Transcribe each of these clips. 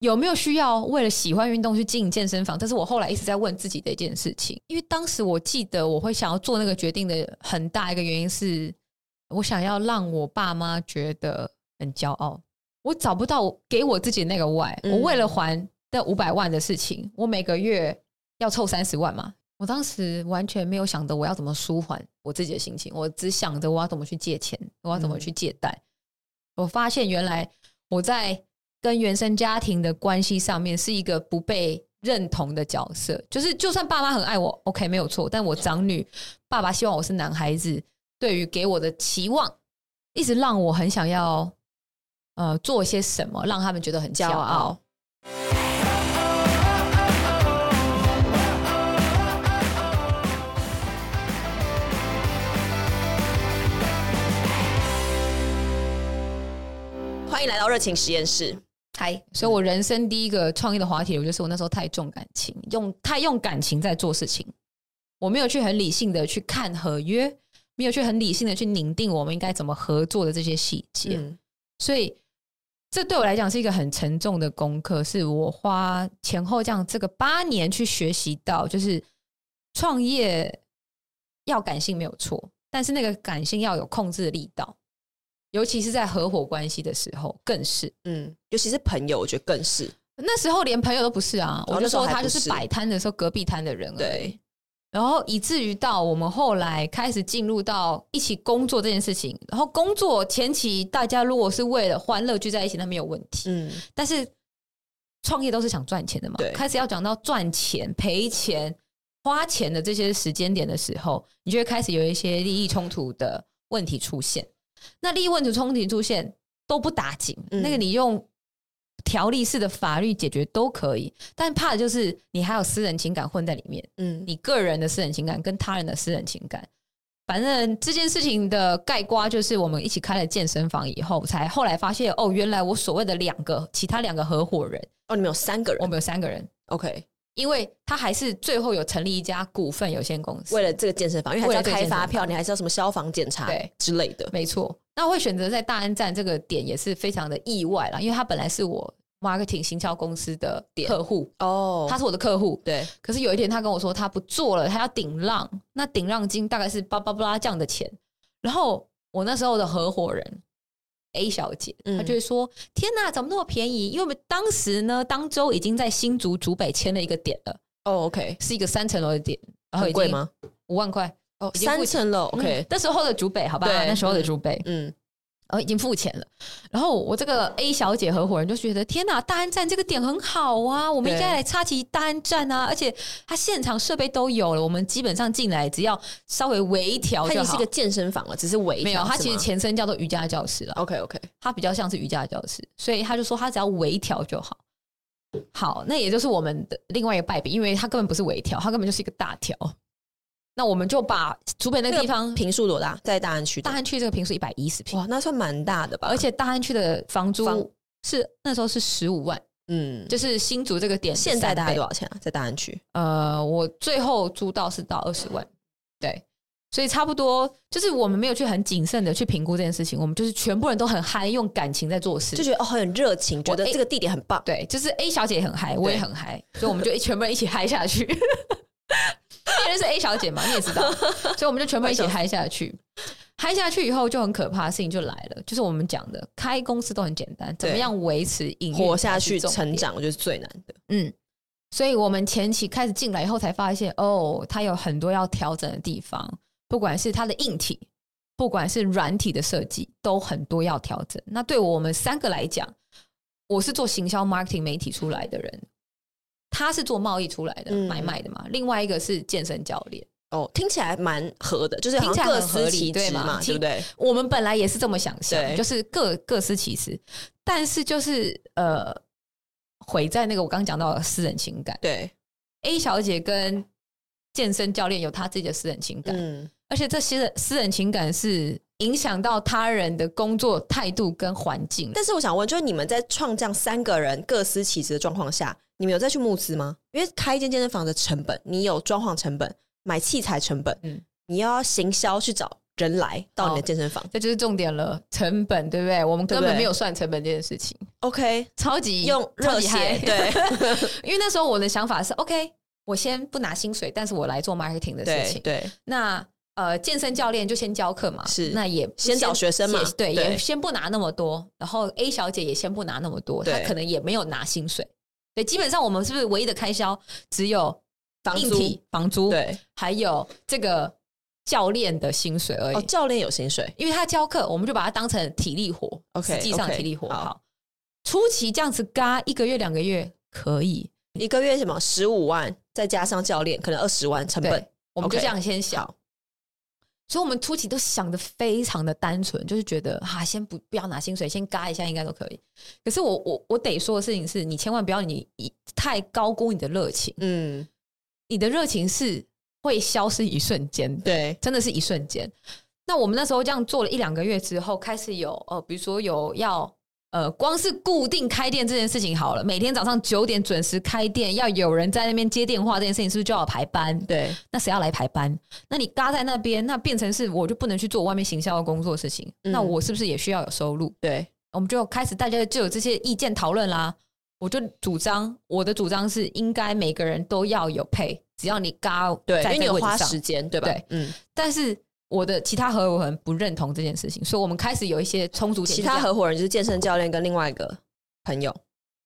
有沒有需要為了喜歡運動去進健身房？這是我後來一直在問自己的一件事情。因為當時我記得我會想要做那個決定的很大一個原因，是我想要讓我爸媽覺得很驕傲。我找不到給我自己那個 Why，我為了還那五百萬的事情，我每個月要湊三十萬嘛。我當時完全沒有想到我要怎麼舒緩我自己的心情，我只想着我要怎麼去借錢，我要怎麼去借貸。我發現原來我在跟原生家庭的關係上面是一個不被認同的角色，就是就算爸媽很愛我，OK，沒有錯，但我長女，爸爸希望我是男孩子，對於給我的期望，一直讓我很想要，呃，做些什麼讓他們覺得很驕傲、傲。歡迎來到熱情實驗室。嗨，所以，我人生第一個創業的滑鐵盧，我覺得是我那時候太重感情，用太用感情在做事情，我沒有去很理性的去看合約，沒有去很理性的去擬定我們應該怎麼合作的這些細節。嗯，所以，這對我來講是一個很沉重的功課，是我花前後這樣這個八年去學習到，就是創業要感性沒有錯，但是那個感性要有控制力道。尤其是在合夥關係的時候，更是嗯，尤其是朋友，我覺得更是那時候連朋友都不是啊。是我就說他就是擺攤的時候隔壁攤的人，對。然後以至於到我們後來開始進入到一起工作這件事情，然後工作前期大家如果是為了歡樂聚在一起，那沒有問題，嗯。但是創業都是想賺錢的嘛，對。開始要講到賺錢、賠錢、花錢的這些時間點的時候，你就會開始有一些利益衝突的問題出現。那利益問題、衝突出現都不打緊、嗯，那個你用條例式的法律解決都可以，但怕的就是你還有私人情感混在裡面。嗯，你個人的私人情感跟他人的私人情感，反正這件事情的概括就是我們一起開了健身房以後，才後來發現哦，原來我所謂的兩個其他兩個合夥人哦，你們有三個人，我們有三個人，OK。因為他還是最後有成立一家股份有限公司，為了這個健身房，因為他要開發票，你還是要什麼消防檢查之類的，沒錯。那我會選擇在大安站這個點也是非常的意外啦，因為他本來是我 marketing 行銷公司的客戶哦，他是我的客戶，對。可是有一天他跟我說他不做了，他要頂讓。那頂讓金大概是巴巴巴拉這樣的錢。然後我那時候的合夥人。A 小姐，嗯、她就會說：“天哪、啊，怎麼那麼便宜？因為我們當時呢，當周已經在新竹竹北簽了一個點了。哦 OK 是一個三層樓的點，很貴嗎？五、啊、萬塊，哦、oh,，三層樓，OK、嗯。那時候的竹北，好吧，那時候的竹北，嗯。嗯”呃、哦，已經付錢了。然後我這個 A 小姐合夥人就覺得，天哪，大安站這個點很好啊，我們應該來插旗大安站啊！而且他現場設備都有了，我們基本上進來只要稍微微調，它已經是一個健身房了，只是微調沒有，它其實前身叫做瑜伽教室了。OK OK，它比較像是瑜伽教室，所以他就說他只要微調就好。好，那也就是我們的另外一個敗筆，因為它根本不是微調，它根本就是一個大調。那我們就把竹北那個地方平數多大？在大安區，大安區這個平數一百一十平，哇，那算蠻大的吧？而且大安區的房租是房那時候是十五萬，嗯，就是新竹這個點，現在大概多少錢啊？在大安區，呃，我最後租到是到二十萬，對，所以差不多就是我們沒有去很謹慎的去評估這件事情，我們就是全部人都很嗨，用感情在做事，就覺得、哦、很熱情，A, 覺得這個地點很棒，對，就是 A 小姐也很嗨，我也很嗨，所以我們就全部人一起嗨下去。 這是 A 小姐嘛，你也知道，所以我們就全部一起嗨下去。嗨下去以後就很可怕的事情就來了，就是我們講的開公司都很簡單，怎麼樣維持營運、活下去、成長，我覺得是最難的。嗯，所以我們前期開始進來以後，才發現哦，它有很多要調整的地方，不管是它的硬體，不管是軟體的設計，都很多要調整。那對我們三個來講，我是做行銷、marketing 媒體出來的人。他是做貿易出來的，嗯、買賣的嘛。另外一個是健身教練，哦，聽起來蠻合的，就是聽起來很合理，各司其職嘛，對不對？我們本來也是這麼想象，就是各各司其職。但是就是呃，毀在那個我剛講到的私人情感。對，A 小姐跟健身教練有他自己的私人情感，嗯，而且這些私人情感是影響到他人的工作態度跟環境。但是我想問，就是你們在創這樣三個人各司其職的狀況下。你們有再去募資嗎？因為開一間健身房的成本，你有裝潢成本、買器材成本，嗯，你要行銷去找人來到你的健身房，哦，這就是重點了。成本對不對？我們根本沒有算成本這件事情。OK，超級用熱血，對。因為那時候我的想法是，OK，我先不拿薪水，但是我來做 marketing 的事情。對。對，那呃，健身教練就先教課嘛，是。那也先，先找學生嘛，對，對，也先不拿那麼多。然後 A 小姐也先不拿那麼多，她可能也沒有拿薪水。對，基本上我們是不是唯一的開銷只有房租、房租，對，還有這個教練的薪水而已。哦，教練有薪水，因為他教課，我們就把它當成體力活。OK，實際上體力活 okay, 好，好，初期這樣子嘎，一個月、兩個月可以，一個月什麼十五萬，再加上教練可能二十萬成本，我們就這樣先小。Okay, 所以，我們初期都想的非常的單純，就是覺得哈、啊，先不不要拿薪水，先嘎一下應該都可以。可是我，我我我得說的事情是，你千萬不要你太高估你的熱情，嗯，你的熱情是會消失一瞬間的，對，真的是一瞬間。那我們那時候這樣做了一兩個月之後，開始有哦、呃，比如說有要。呃，光是固定開店這件事情好了，每天早上九點準時開店，要有人在那邊接電話這件事情，是不是就要排班？對，那誰要來排班？那你嘎在那邊，那變成是我就不能去做外面行銷的工作事情，嗯。那我是不是也需要有收入？對，我們就開始大家就有這些意見討論啦。我就主張，我的主張是應該每個人都要有配，只要你嘎在那個位置上，對，因為你有花時間，對吧？對。嗯，但是。我的其他合夥人不認同這件事情，所以我們開始有一些衝突。其他合夥人就是健身教練跟另外一個朋友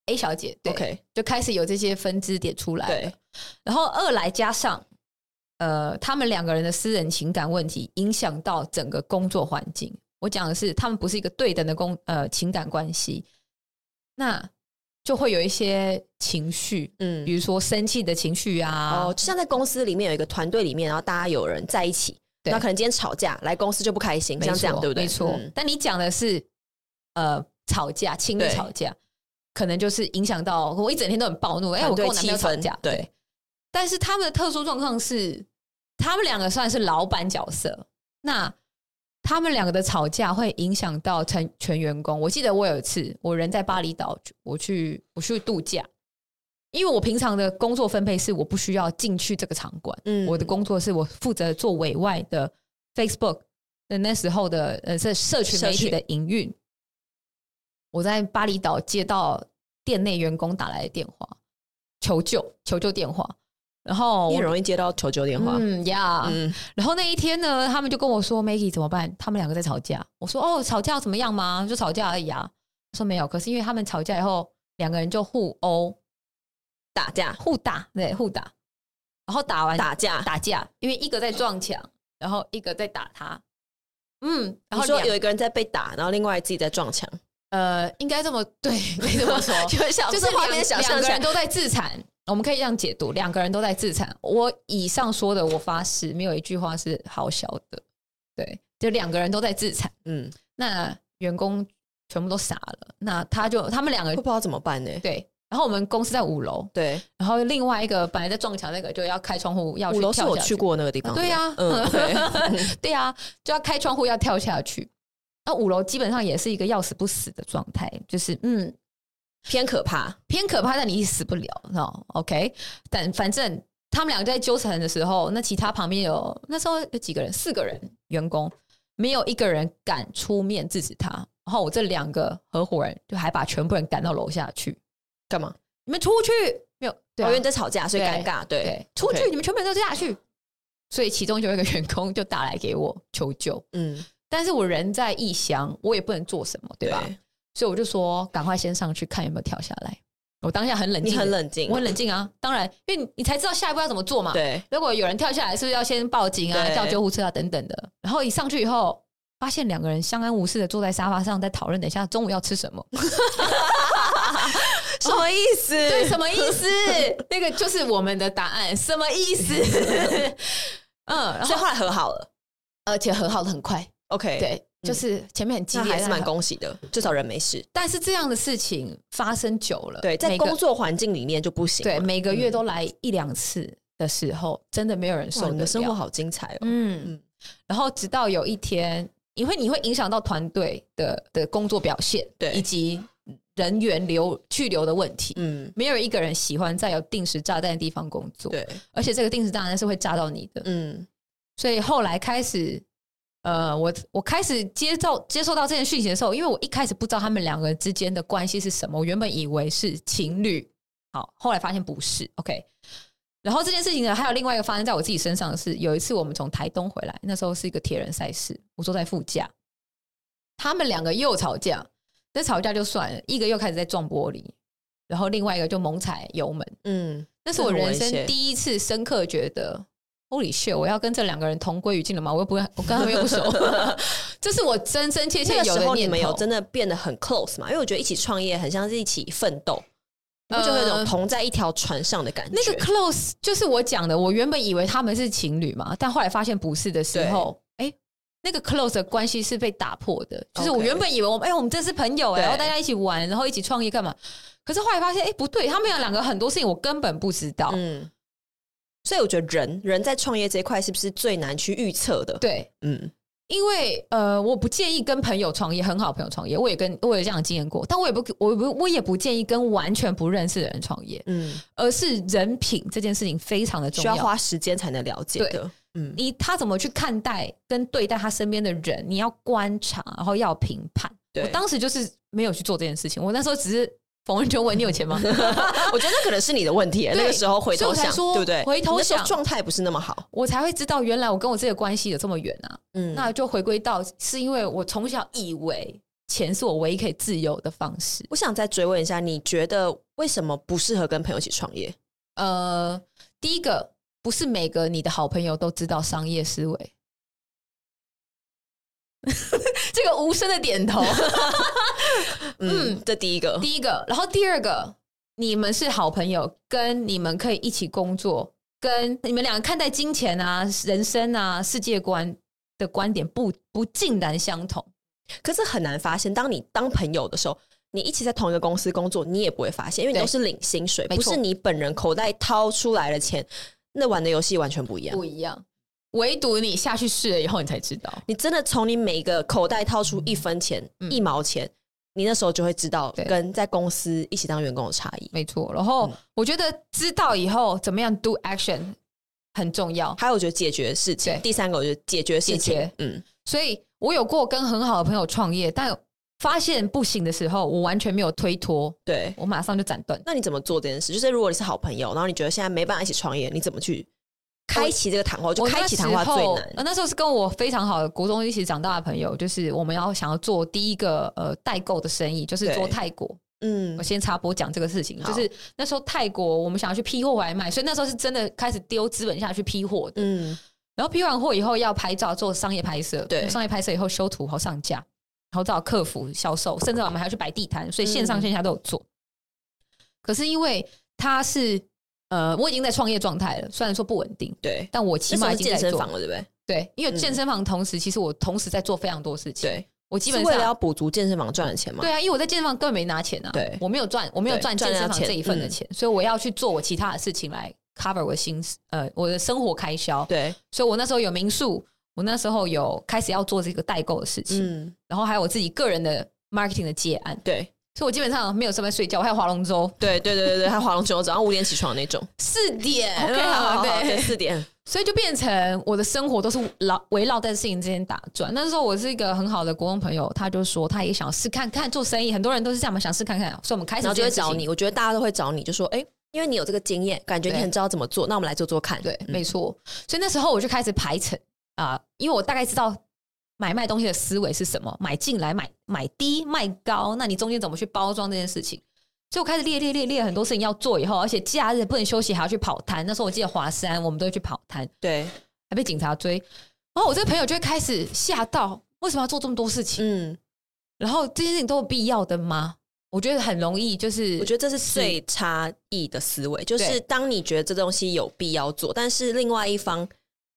A 小姐，對，OK，就開始有這些分支點出來，對。然後二來加上，呃，他們兩個人的私人情感問題影響到整個工作環境。我講的是他們不是一個對等的工呃情感關係，那就會有一些情緒，嗯，比如說生氣的情緒啊、嗯，哦，就像在公司裡面有一個團隊裡面，然後大家有人在一起。對，那可能今天吵架來公司就不開心，像這樣對不對？沒錯。但你講的是，呃，吵架情侶，吵架可能就是影響到我一整天都很暴怒。哎、欸，我跟我男朋友吵架對。對。但是他們的特殊狀況是，他們兩個算是老闆角色，那他們兩個的吵架會影響到全全員工。我記得我有一次，我人在巴厘島，我去我去度假。因為我平常的工作分配是我不需要進去這個場館，嗯，我的工作是我負責做委外的 Facebook 的那時候的呃，是社群媒體的營運。我在巴厘島接到店內員工打來的電話，求救，求救電話。然後我很容易接到求救電話，嗯呀，yeah, 嗯。然後那一天呢，他們就跟我說：“Maggie 怎麼辦？”他們兩個在吵架。我說：“哦，吵架怎麼樣嗎？就吵架而已啊。”說沒有，可是因為他們吵架以後，兩個人就互毆。打架，互打，對，互打，然後打完打架，打架，因為一個在撞牆，嗯，然後一個在打他，嗯，然後說有一個人在被打，然後另外自己在撞牆，呃，應該這麼對，沒錯， 小就是畫面，兩個人都在自殘，我們可以這樣解讀，兩個人都在自殘。我以上說的，我發誓沒有一句話是好笑的，對，就兩個人都在自殘，嗯，那員工全部都傻了，那他就他們兩個人不知道怎麼辦呢？對。然後我們公司在五樓，對。然後另外一個本來在撞牆那個，就要開窗戶要去跳下去。五樓是我去過那個地方，啊。對呀，啊，對呀，啊嗯 okay 啊，就要開窗戶要跳下去。那五樓基本上也是一個要死不死的狀態，就是嗯，偏可怕，偏可怕，但你死不了，知道嗎？OK。但反正他們兩個在糾纏的時候，那其他旁邊有那時候有幾個人，四個人員工，沒有一個人敢出面制止他。然後我這兩個合夥人就還把全部人趕到樓下去。幹嘛？你們出去？沒有，我、哦、因為在吵架，所以尷尬。對對。對，出去，你們全部人都下去。所以其中有一個員工就打來給我求救。嗯，但是我人在異鄉，我也不能做什麼，對吧？對，所以我就說，趕快先上去看有沒有跳下來。我當下很冷靜。你很冷靜？我很冷靜啊。 當然，因為你你才知道下一步要怎麼做嘛。對，如果有人跳下來，是不是要先報警啊，叫救護車啊等等的？然後一上去以後，發現兩個人相安無事的坐在沙發上，在討論等一下中午要吃什麼。 什麼意思、哦？對，什麼意思？ 那個就是我們的答案。什麼意思？ 嗯，然後所以後來和好了，而且和好了很快。OK，對，嗯、就是前面很激烈，還是蠻恭喜的、嗯，至少人沒事。但是這樣的事情發生久了，對，在工作環境裡面就不行。對，每個月都來一兩次的時候，真的沒有人受得了。你的生活好精彩哦，嗯嗯。然後直到有一天，因為你會影響到團隊的的工作表現，對，以及。人員留去留的問題，嗯，沒有一個人喜歡在有定時炸彈的地方工作，對，而且這個定時炸彈是會炸到你的，嗯，所以後來開始，呃，我我開始接受接受到這件事情的時候，因為我一開始不知道他們兩個之間的關係是什麼，我原本以為是情侶，好，後來發現不是，OK，然後這件事情呢，還有另外一個發生在我自己身上的是，有一次我們從台東回來，那時候是一個鐵人賽事，我坐在副駕，他們兩個又吵架。那吵架就算了，一個又開始在撞玻璃，然後另外一個就猛踩油門。嗯，那是我人生第一次深刻覺得，Holy shit，我，shit，我要跟這兩個人同歸於盡了嗎？我又不會，我跟他們又不熟。 這是我真真切切有的念頭、那個、時候你們有真的變得很 close 嘛？因為我覺得一起創業很像是一起奮鬥，然、呃、後就那種同在一條船上的感覺？那個 close，就是我講的。我原本以為他們是情侶嘛，但後來發現不是的時候。那個 close 的關係是被打破的。Okay，就是我原本以為我們哎，欸、我們這是朋友哎、欸，然後大家一起玩,然後一起創業幹嘛？可是後來發現，哎、欸，不對，他們有兩個很多事情我根本不知道。嗯，所以我覺得人人在創業這一塊是不是最難去預測的？對，嗯，因為呃，我不建議跟朋友創業，很好朋友創業，我也跟我也這樣的經驗過，但我也不我不我也不建議跟完全不認識的人創業，嗯，而是人品這件事情非常的重要，需要花時間才能了解的。對嗯，你他怎麼去看待跟對待他身邊的人？你要觀察，然後要評判。我當時就是沒有去做這件事情。我那時候只是逢人就問：“你有錢嗎？” 我覺得那可能是你的問題。那個時候回頭想，我說對不對？回頭想那時候狀態不是那麼好，我才會知道原來我跟我自己的關係有這麼遠啊。嗯，那就回歸到是因為我從小以為錢是我唯一可以自由的方式。我想再追問一下，你覺得為什麼不適合跟朋友一起創業？呃，第一個。不是每個你的好朋友都知道商業思維， 這個無聲的點頭。 嗯， 嗯，這第一個，第一個，然後第二個，你們是好朋友，跟你們可以一起工作，跟你們兩個看待金錢啊、人生啊、世界觀的觀點不不盡然相同，可是很難發現。當你當朋友的時候，你一起在同一個公司工作，你也不會發現，因為你都是領薪水，不是你本人口袋掏出來的錢。那玩的遊戲完全不一樣，不一樣。唯獨你下去試了以後，你才知道，你真的從你每一個口袋掏出一分錢、嗯嗯、一毛錢，你那時候就會知道跟在公司一起當員工的差異。沒錯。然後我覺得知道以後怎麼樣 do action 很重要。嗯、還有，我覺得解決事情。第三個，我覺得解決事情。解決。嗯。所以我有過跟很好的朋友創業，但發現不行的時候，我完全沒有推脫，對，我馬上就斬斷。那你怎麼做這件事？就是如果你是好朋友，然後你覺得現在沒辦法一起創業，你怎麼去開啟這個談話？就開啟談話最難那、呃。那時候是跟我非常好的國中一起長大的朋友，就是我們要想要做第一個呃代購的生意，就是做泰國。嗯，我先插播講這個事情，就是那時候泰國我們想要去批貨來賣，所以那時候是真的開始丟資本下去批貨的。嗯，然後批完貨以後要拍照做商業拍攝，對，商業拍攝以後修圖後上架。然後找客服、銷售，甚至我們還要去擺地攤，所以線上線下都有做。嗯、可是因為他是呃，我已經在創業狀態了，雖然說不穩定，對，但我起碼在健身房了，對不對？對，因為健身房同時、嗯，其實我同時在做非常多事情。對，我基本上為了要補足健身房賺的錢嘛。對啊，因為我在健身房根本沒拿錢啊，對，我沒有賺，我沒有賺健身房這一份的錢，錢、嗯，所以我要去做我其他的事情來 cover 我薪呃我的生活開銷。對，所以我那時候有民宿。我那時候有開始要做這個代購的事情，嗯，然後還有我自己個人的 marketing 的接案，對，所以我基本上沒有上班睡覺，我還有划龍舟，對對對對 還有划龍舟，早上五點起床的那種，四點 okay，好，好，好，對，okay，四點，所以就變成我的生活都是圍繞在事情之間打轉。那時候我是一個很好的國中朋友，他就說他也想試看看做生意，很多人都是這樣嘛，想試看看，所以我們開始就會找你，我覺得大家都會找你，就說哎、欸，因為你有這個經驗，感覺你很知道怎麼做，那我們來做做看，對，嗯、沒錯，所以那時候我就開始排程啊、呃，因為我大概知道買賣東西的思維是什麼，買進來買，買低賣高，那你中間怎麼去包裝這件事情？所以我開始列列列列很多事情要做，以後而且假日不能休息還要去跑攤。那時候我記得華山，我們都會去跑攤，對，還被警察追。然後我這個朋友就會開始嚇到，為什麼要做這麼多事情？嗯，然後這些事情都有必要的嗎？我覺得很容易，就是我覺得這是最差異的思維，就是當你覺得這東西有必要做，但是另外一方。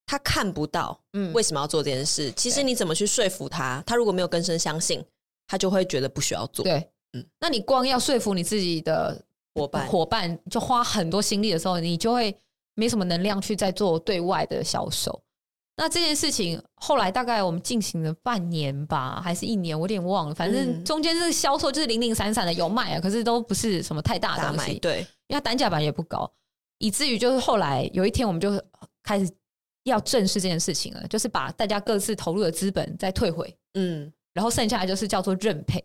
他看不到，嗯，為什麼要做這件事？嗯，其實你怎麼去說服他？他如果沒有根深相信，他就會覺得不需要做。對，嗯，那你光要說服你自己的夥伴，夥伴就花很多心力的時候，你就會沒什麼能量去再做對外的銷售。那這件事情後來大概我們進行了半年吧，還是一年？我有點忘了。反正中間這個銷售，就是零零散散的有賣啊，可是都不是什麼太大的賣。對，因為單價本來也不高，以至於就是後來有一天我們就開始。要正視這件事情了，就是把大家各自投入的資本再退回，嗯，然後剩下來就是叫做認賠。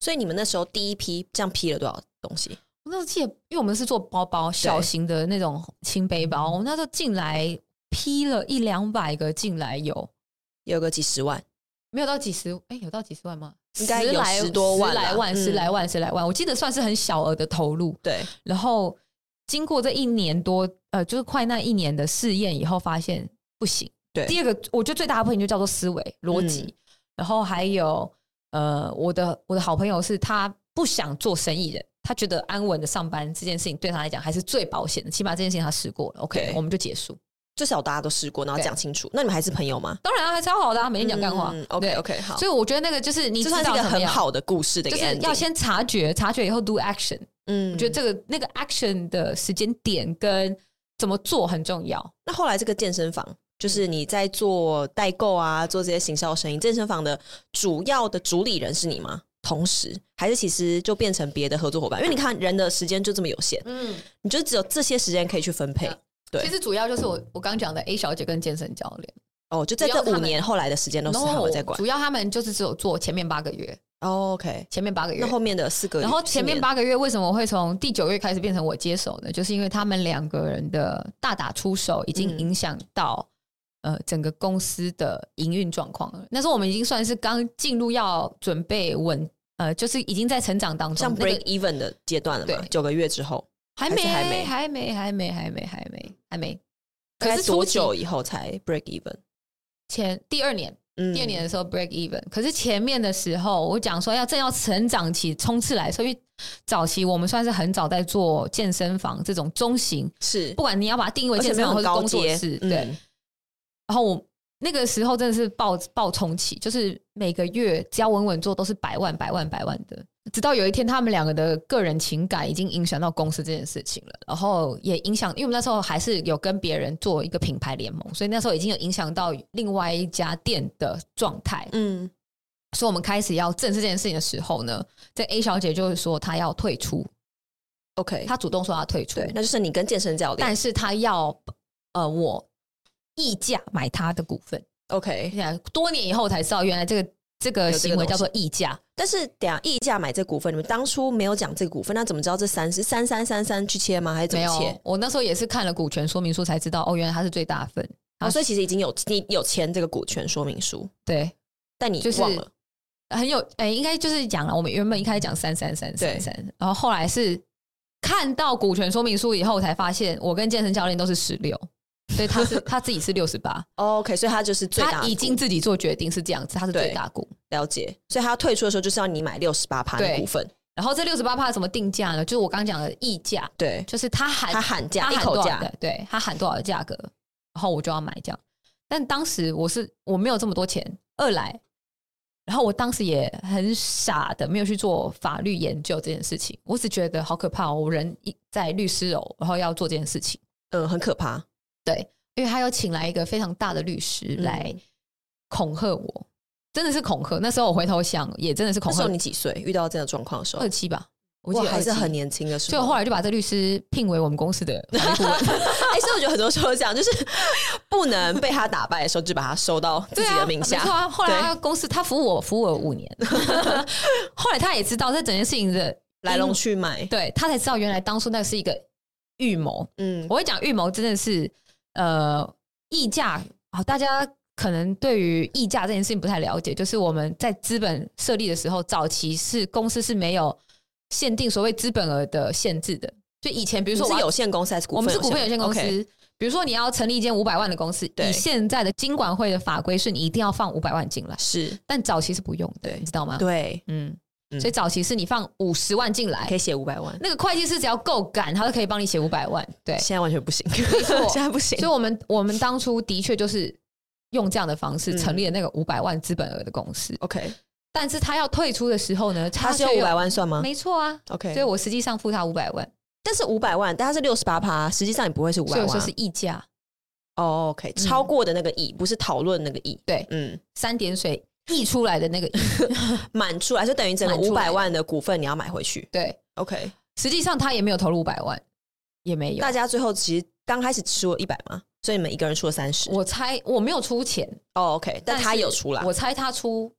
所以你們那時候第一批這樣批了多少東西？我那時候記得，因為我們是做包包，小型的那種輕背包，我們那時候進來批了一兩百個，進來有有個幾十萬，沒有到幾十，哎，有到幾十萬嗎？應該有十多萬，十來萬、嗯、十來萬，十來萬，十來萬。我記得算是很小額的投入，對，然後。經過這一年多，呃，就是快那一年的試驗以後，發現不行。對，第二個，我覺得最大的不行就叫做思維邏輯。然後還有，呃，我的我的好朋友是他不想做生意的，他覺得安穩的上班這件事情對他來講還是最保險的。起碼這件事情他試過了，OK，我們就結束。至少大家都試過，然後講清楚。那你們還是朋友嗎？當然啊，還是超好的，每天講幹話、嗯。OK OK，好。所以我覺得那個就是你這算是一個很好的故事的一個案，就是要先察覺，察覺以後 do action。嗯，我覺得這個那個 action 的時間點跟怎麼做很重要。那後來這個健身房，就是你在做代購啊、嗯，做這些行銷生意，健身房的主要的主理人是你嗎？同時，還是其實就變成別的合作夥伴？嗯、因為你看人的時間就這麼有限，嗯，你就只有這些時間可以去分配。嗯、對，其實主要就是我我剛講的 A 小姐跟健身教練。哦，就在這五年後來的時間都是他們在管，主要他們就是只有做前面八個月。Oh, OK，前面八個月，那後面的四個月，然後前面八個月為什麼會從第九月開始變成我接手呢？就是因為他們兩個人的大打出手，已經影響到、嗯、呃整個公司的營運狀況了。那時候我們已經算是剛進入要準備穩，呃，就是已經在成長當中，像 break、那個、even 的階段了，對，九個月之後還沒，還,還沒，還沒，還沒，還沒，還沒，還沒。可是多久以後才 break even？前第二年。第二年的時候 break even、嗯、可是，前面的時候我講說要正要成長期衝刺來，所以早期我們算是很早在做健身房這種中型，是不管你要把它定義為健身房或是工作室，對、嗯。然後我那個時候真的是爆爆衝期，就是每個月只要穩穩做都是百萬、百萬、百萬的。直到有一天，他們兩個的個人情感已經影響到公司這件事情了，然後也影響，因為我們那時候還是有跟別人做一個品牌聯盟，所以那時候已經有影響到另外一家店的狀態。嗯，所以我們開始要正式這件事情的時候呢，這個 A 小姐就是說她要退出，OK，她主動說她退出，對，那就是你跟健身教練，但是她要呃我溢價買她的股份，OK，多年以後才知道原來這個。這個行為叫做溢價，但是等下溢價買這個股份，你們當初沒有講這個股份，那怎麼知道這三是三三三三去切嗎？還是怎麼切？我那時候也是看了股權說明書才知道，哦，原來它是最大份啊。哦，所以其實已經有你有簽這個股權說明書，對，但你忘了、就是、很有哎、欸，應該就是講了，我們原本一開始講三三三三三，然後後來是看到股權說明書以後才發現，我跟健身教練都是十六。所以他是 他自己是六十八，OK，所以他就是最大股，他已經自己做決定是這樣子，他是最大股，對，了解。所以他要退出的時候就是要你買六十八趴的股份，對，然後這六十八趴怎麼定價呢？就是我剛，剛講的溢價，對，就是他喊他喊價他喊多少，一口價，對他喊多少的價格，然後我就要買這樣。但當時我是我沒有這麼多錢，二來，然後我當時也很傻的沒有去做法律研究這件事情，我只覺得好可怕哦，我人一在律師樓，然後要做這件事情，嗯，很可怕。對，因為他有請來一個非常大的律師來恐嚇我，真的是恐嚇。那時候我回頭想，也真的是恐嚇。那時候你幾歲遇到這樣的狀況的時候？二十七吧，我記得還是很年輕的時候。候。所以我後來就把這個律師聘為我們公司的、 欸。所以我覺得很多時候講，就是不能被他打敗的時候， 就把他收到自己的名下。對啊，錯啊，後來他公司他服務我，服務我五年。 後來他也知道這整件事情的來龍去脈、嗯，對，他才知道原來當初那是一個預謀。嗯，我會講預謀真的是。呃，溢價好，哦，大家可能對於溢價這件事情不太了解。就是我們在資本設立的時候，早期是公司是沒有限定所謂資本額的限制的。就以前，比如說我們有限公司還是股份，我們是股份有限公司。Okay. 比如說你要成立一間五百萬的公司，以現在的金管會的法規，是你一定要放五百萬進來。是，但早期是不用的，你知道嗎？對，嗯。嗯、所以早期是你放五十萬進來，可以寫五百萬。那個會計師只要夠敢，他都可以幫你寫五百萬。對，現在完全不行， 現在不行。所以，我們我們當初的確就是用這樣的方式成立了那個五百萬資本額的公司。OK，、嗯、但是他要退出的時候呢，他，有他是用五百萬算嗎？沒錯啊。OK，所以我實際上付他五百萬，但是五百萬，但他是六十八趴，實際上也不會是五百萬、啊，所以說是溢價。哦、oh,，OK，、嗯、超過的那個溢不是討論那個議，對，嗯，三點水。溢出來的那個滿 出來，就等於整個五百萬的股份你要買回去。對，OK。實際上他也沒有投入五百萬，也沒有。大家最後其實剛開始出一百嘛，所以每一個人出了三十。我猜我沒有出錢哦、oh,，OK，但,是但他有出來。我猜他出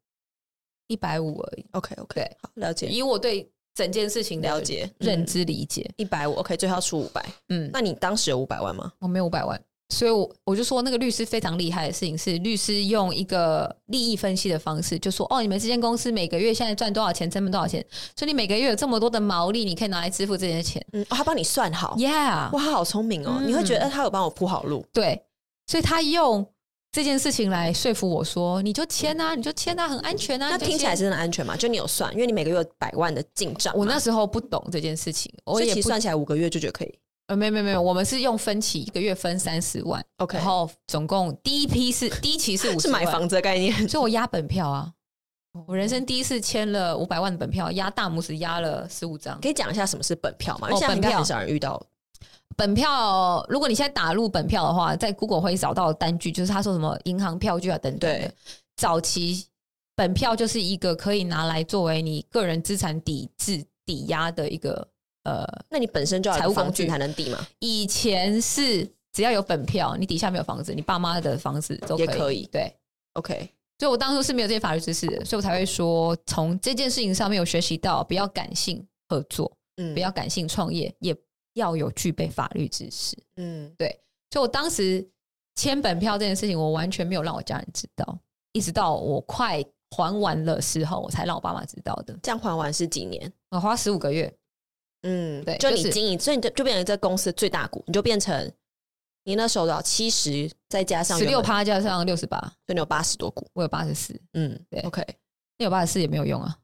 一百五而已。OK，OK，、okay, okay, 好，了解。以我對整件事情了解、認知、理解，一百五。150, OK，最後出五百。嗯，那你當時有五百萬嗎？我沒有五百萬。所以，我我就說，那個律師非常厲害的事情是，律師用一個利益分析的方式，就說：“哦，你們這間公司每個月現在賺多少錢，成本多少錢？所以你每個月有這麼多的毛利，你可以拿來支付這些錢。”嗯，哦、他幫你算好，Yeah，哇，他好聰明哦、嗯！你會覺得，他有幫我鋪好路。對，所以他用這件事情來說服我說：“你就簽吶、啊嗯，你就簽吶、啊，很安全吶、啊。”那聽起來是真的安全嗎？就你有算，因為你每個月有百萬的進賬。我那時候不懂這件事情，我也所以其實算起來五個月就覺得可以。呃，沒有沒有沒有，我們是用分期，一個月分三十萬，OK，然後總共第一批是第一期是五十萬， 是買房子的概念，所以我押本票啊，我人生第一次簽了五百萬的本票，押大拇指，押了十五張，可以講一下什麼是本票嗎？現在應很少人遇到、哦、本,票本票，如果你現在打入本票的話，在 Google 會找到單據，就是他說什麼銀行票據啊等等的對，早期本票就是一個可以拿來作為你個人資產抵制抵押的一個。呃，那你本身就要財務工具房子才能抵嘛？以前是只要有本票，你底下沒有房子，你爸媽的房子都可以。可以對，OK。所以我當初是沒有這些法律知識的，所以我才會說從這件事情上面有學習到，不要感性合作，嗯，不要感性創業，也要有具備法律知識。嗯，對。所以我當時簽本票這件事情，我完全沒有讓我家人知道，一直到我快還完了時候，我才讓我爸媽知道的。這樣還完是幾年？我花十五個月。嗯，對，就你經營，所以你就就變成這公司最大股，你就變成你那時候，手頭七十再加上十六趴加上六十八，就你有八十多股，我有八十四，嗯，對，OK，你有八十四也沒有用啊，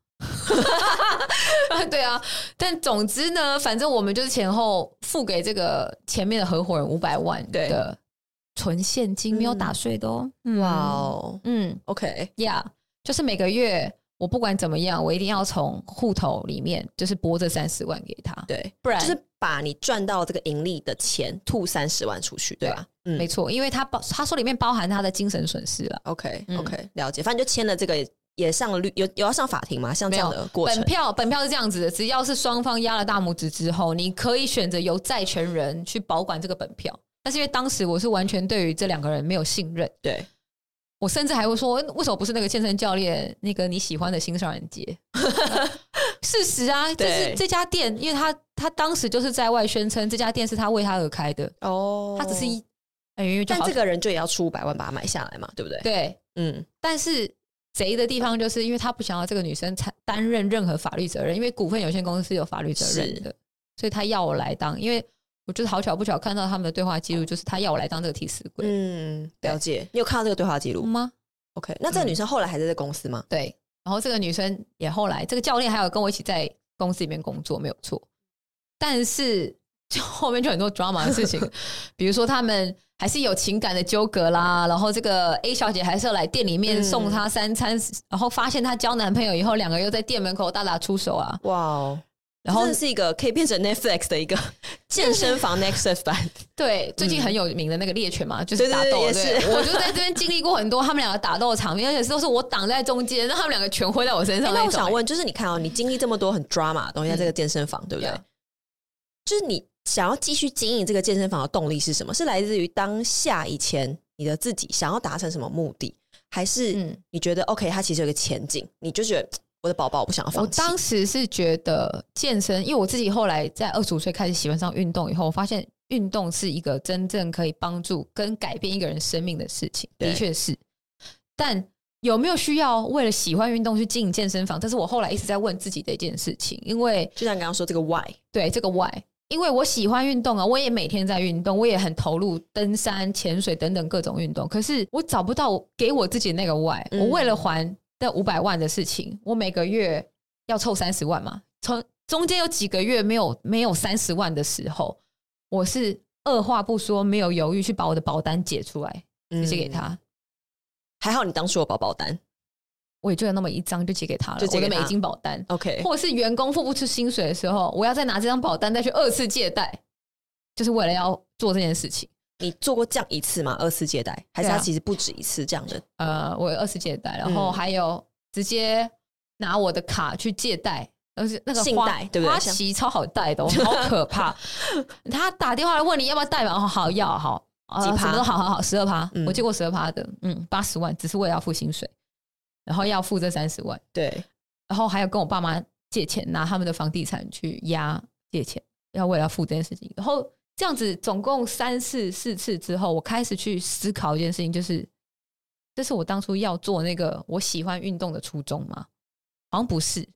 對啊，但總之呢，反正我們就是前後付給這個前面的合夥人五百萬的純現金，對，沒有打稅的哦、嗯，哇哦，嗯，OK，yeah，、okay。就是每個月，我不管怎麼樣，我一定要從戶頭裡面就是撥這三十萬給他，對，不然就是把你賺到這個盈利的錢吐三十萬出去，對吧？嗯，沒錯，因為他包他說裡面包含他的精神損失了。OK，OK，okay, okay,，嗯，了解。反正就簽了這個也，也上了律，有有要上法庭嘛，像這樣的過程。本票本票是這樣子的，只要是雙方押了大拇指之後，你可以選擇由債權人去保管這個本票。但是因為當時我是完全對於這兩個人沒有信任，對。我甚至還會說，為什麼不是那個健身教練？那個你喜歡的青少年節、 啊？事實啊，就是這家店，因為他他當時就是在外宣稱這家店是他為他而開的哦，oh, 他只是一哎因為就，但這個人就也要出五百萬把它買下來嘛，對不對？對，嗯，但是賊的地方就是因為他不想要這個女生擔擔任任何法律責任，因為股份有限公司是有法律責任的是，所以他要我來當，因為。我就是好巧不巧看到他們的對話記錄，就是他要我來當這個替死鬼。嗯，了解。你有看到這個對話記錄、嗯、嗎？OK，那這個女生後來還在這公司嗎、嗯？對。然後這個女生也後來，這個教練還有跟我一起在公司裡面工作，沒有錯。但是就後面就很多抓馬的事情， 比如說他們還是有情感的糾葛啦，然後這個 A 小姐還是要來店裡面送她三餐、嗯，然後發現她交男朋友以後，兩個又在店門口大打出手啊！哇、哦。然後這是一個可以變成 Netflix 的一個健身房，Netflix 版。對，最近很有名的那個獵犬嘛，嗯、就是打鬥。對對對也是。我就在這邊經歷過很多他們兩個打鬥的場面，而且都是我擋在中間，讓他們兩個全揮在我身上那、欸。那我想問，就是你看哦，你經歷這麼多很 drama 的東西，在這個健身房、嗯、對不對？Yeah. 就是你想要繼續經營這個健身房的動力是什麼？是來自於當下以前你的自己想要達成什麼目的，還是你覺得、嗯、OK？它其實有個前景，你就覺得。我的寶寶，我不想要放棄。我當時是覺得健身，因為我自己後來在二十五歲開始喜歡上運動以後，我發現運動是一個真正可以幫助跟改變一個人生命的事情，的確是。但有沒有需要為了喜歡運動去進健身房？這是我後來一直在問自己的一件事情。因為就像你剛剛說這個 why，對這個 why，因為我喜歡運動啊，我也每天在運動，我也很投入登山、潛水等等各種運動。可是我找不到給我自己那個 why，嗯，我為了還。這五百萬的事情，我每個月要湊三十萬嘛，從中間有幾個月沒有沒有三十萬的時候，我是二話不說，沒有猶豫去把我的保單解出來借、嗯、給他。還好你當初有保保單，我也就有那麼一張就借給他了，就給他我的美金保單。OK，或者是員工付不出薪水的時候，我要再拿這張保單再去二次借貸，就是為了要做這件事情。你做過這樣一次嗎？二次借貸還是他其實不止一次這樣的？啊、呃，我有二次借貸，然後還有直接拿我的卡去借貸，而、嗯、且那個信貸花旗超好貸的、哦， 好可怕。他打電話來問你要不要貸嘛？哦，好要好，幾趴、哦、都好好好十二趴，我借過十二趴的，嗯，八十萬，只是為了要付薪水，然後要付這三十萬，對。然後還有跟我爸媽借錢，拿他們的房地產去押借錢，要為了要付這件事情，然後。這樣子總共三四四次之後，我開始去思考一件事情，就是這是我當初要做那個我喜歡運動的初衷嗎？好像不是，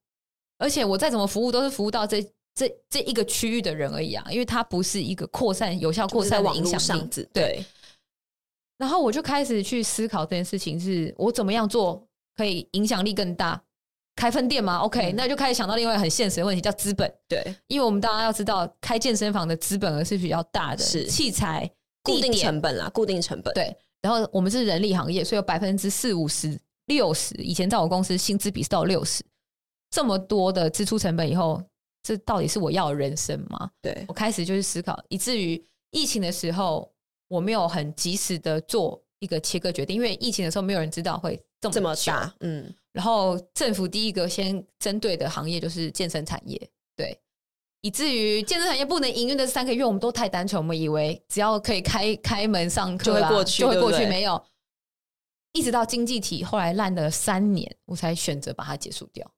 而且我再怎麼服務都是服務到這這這一個區域的人而已啊，因為它不是一個擴散、有效擴散、網絡影響力。對。然後我就開始去思考這件事情，是我怎麼樣做可以影響力更大？開分店嗎？OK，嗯，那就開始想到另外一個很現實的問題，叫資本。對，因為我們大家要知道，開健身房的資本額是比較大的，是器材固定成本啦，固定成本啦，固定成本。對，然後我們是人力行業，所以有百分之四、五十、六十。以前在我公司，薪資比是到六十。這麼多的支出成本以後，這到底是我要人生嗎？對，我開始就是思考，以至於疫情的時候，我沒有很及時的做一個切割決定，因為疫情的時候，沒有人知道會這麼，這麼大。嗯。然後政府第一個先針對的行業就是健身產業，對，以至於健身產業不能營運的三個月，我們都太單純，我們以為只要可以開開門上課就會過去，就會過去。對對，沒有，一直到經濟體後來爛了三年，我才選擇把它結束掉。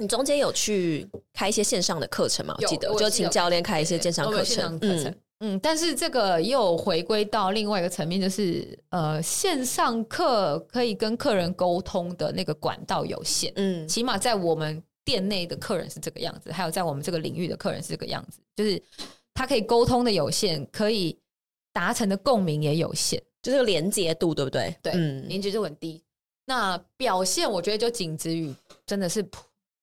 你中間有去開一些線上的課程嗎？我記得我就請教練開一些健身課、課程，嗯。嗯，但是這個又回歸到另外一個層面，就是呃，線上課可以跟客人溝通的那個管道有限，嗯，起碼在我們店內的客人是這個樣子，還有在我們這個領域的客人是這個樣子，就是他可以溝通的有限，可以達成的共鳴也有限，就是連接度，對不對？對，嗯，連接度很低。那表現我覺得就僅止於真的是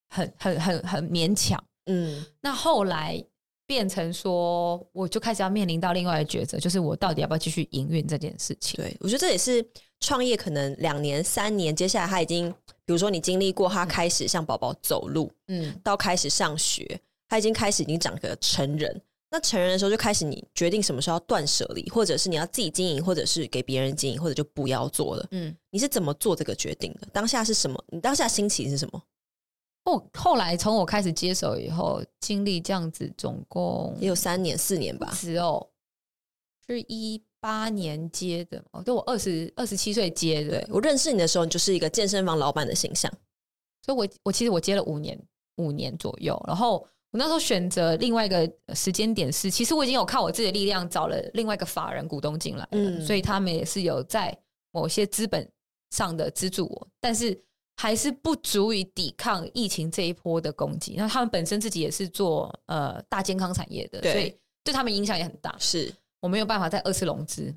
很很很很勉強，嗯。那後來。變成說，我就開始要面臨到另外的抉擇，就是我到底要不要繼續營運這件事情？對，我覺得這也是創業可能兩年、三年，接下來他已經，比如說你經歷過，他開始像寶寶走路，嗯，到開始上學，他已經開始已經長成成人，那成人的時候就開始你決定什麼時候斷捨離，或者是你要自己經營，或者是給別人經營，或者就不要做了。嗯，你是怎麼做這個決定的？當下是什麼？你當下心情是什麼？後來從我開始接手以後，經歷這樣子，總共有三年、四年吧。只哦，是一八年接的，哦，對，我二十二十七歲接的。我認識你的時候，你就是一個健身房老闆的形象。所以我，我我其實我接了五年，五年左右。然後，我那時候選擇另外一個時間點是，其實我已經有靠我自己的力量找了另外一個法人股東進來了，嗯，所以他們也是有在某些資本上的資助我，但是。還是不足以抵抗疫情這一波的攻擊。那他們本身自己也是做呃大健康產業的，對所以對他們影響也很大。是我沒有辦法再二次融資，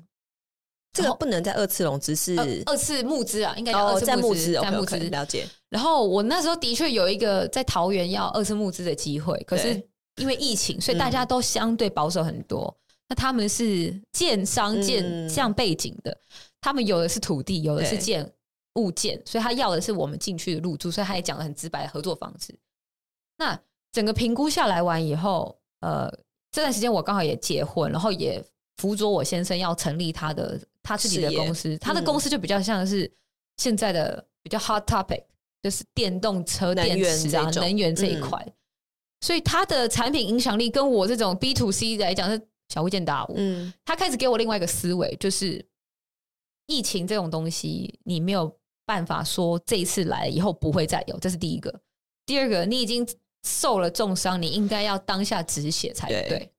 這個不能再二次融資，是、呃、二次募資啊，應該叫二次募資。哦、在募資、在募資、OK, OK, 了解。然後我那時候的確有一個在桃園要二次募資的機會，可是因為疫情，所以大家都相對保守很多。那他們是建商、嗯、建這樣背景的，他們有的是土地，有的是建。物件，所以他要的是我們進去的入住，所以他也講了很直白的合作方式。那整個評估下來完以後，呃，這段時間我剛好也結婚，然後也輔佐我先生要成立他的他自己的公司，他的公司就比較像是現在的比較 hot topic，、嗯、就是電動車電池啊、能源這一塊、嗯。所以他的產品影響力跟我這種 B to C 來講是小巫見大巫。嗯，他開始給我另外一個思維，就是疫情這種東西，你沒有。辦法說這一次來以後不會再有，這是第一個。第二個，你已經受了重傷，你應該要當下止血才對。對，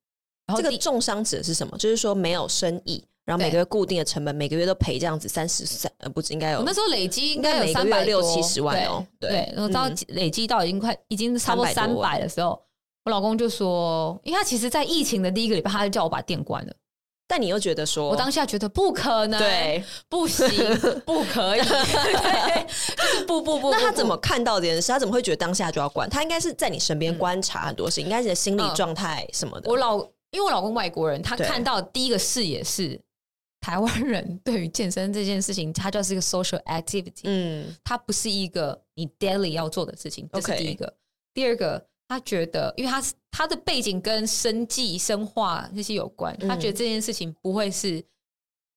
然後這個重傷指的是什麼？就是說沒有生意，然後每個月固定的成本每個月都賠這樣子，三十三呃，不止應該有，我那時候累積應該有三百六七十萬哦。對，然後到累積到已經快已經差不多三百的時候，我老公就說，因為他其實在疫情的第一個禮拜他就叫我把店關了。但你又覺得說，我當下覺得不可能，對，不行，不可以， 對就是、不，不，不不不。那他怎麼看到的件事？他怎麼會覺得當下就要關？他應該是在你身邊觀察很多事情、嗯，應該是你的心理狀態什麼的、嗯。我老，因為我老公外國人，他看到第一個視野是台灣人對於健身這件事情，他就是一個 social activity，嗯，他不是一個你 daily 要做的事情。這、okay 就是第一個，第二個。他覺得，因為他是他的背景跟生技、生化那些有關、嗯，他覺得這件事情不會是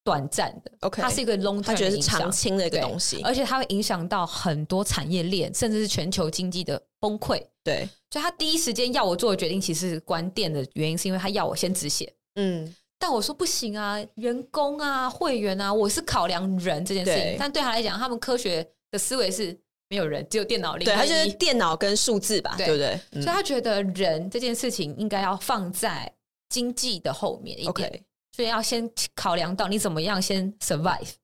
短暫的。OK，他是一個 long 的，他覺得是長青的一個東西，而且它會影響到很多產業鏈，甚至是全球經濟的崩潰。對，所以他第一時間要我做的決定，其實是關店的原因是因為他要我先止血。嗯，但我說不行啊，員工啊、會員啊，我是考量，人這件事情，對但對他來講，他們科學的思維是。沒有人，只有電腦裡。對他就是電腦跟數字吧，對不對？對，對對對，嗯。所以他覺得人這件事情應該要放在經濟的後面。OK，所以要先考量到你怎麼樣先 survive。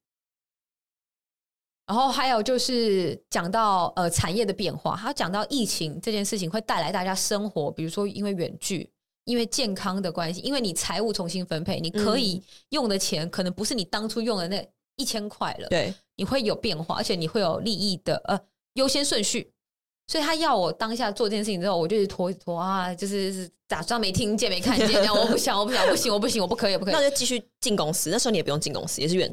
然後還有就是講到呃產業的變化，他講到疫情這件事情會帶來大家生活，比如說因為遠距，因為健康的關係，因為你財務重新分配，你可以用的錢、嗯、可能不是你當初用的那一千塊了。對，你會有變化，而且你會有利益的呃。優先順序，所以他要我當下做這件事情之後，我就一拖一拖啊，就是是假裝沒聽見、沒看見。然後我不想，我不想，我不行，我不行，我不可以，不可以。那就繼續進公司。那時候你也不用進公司，也是遠端。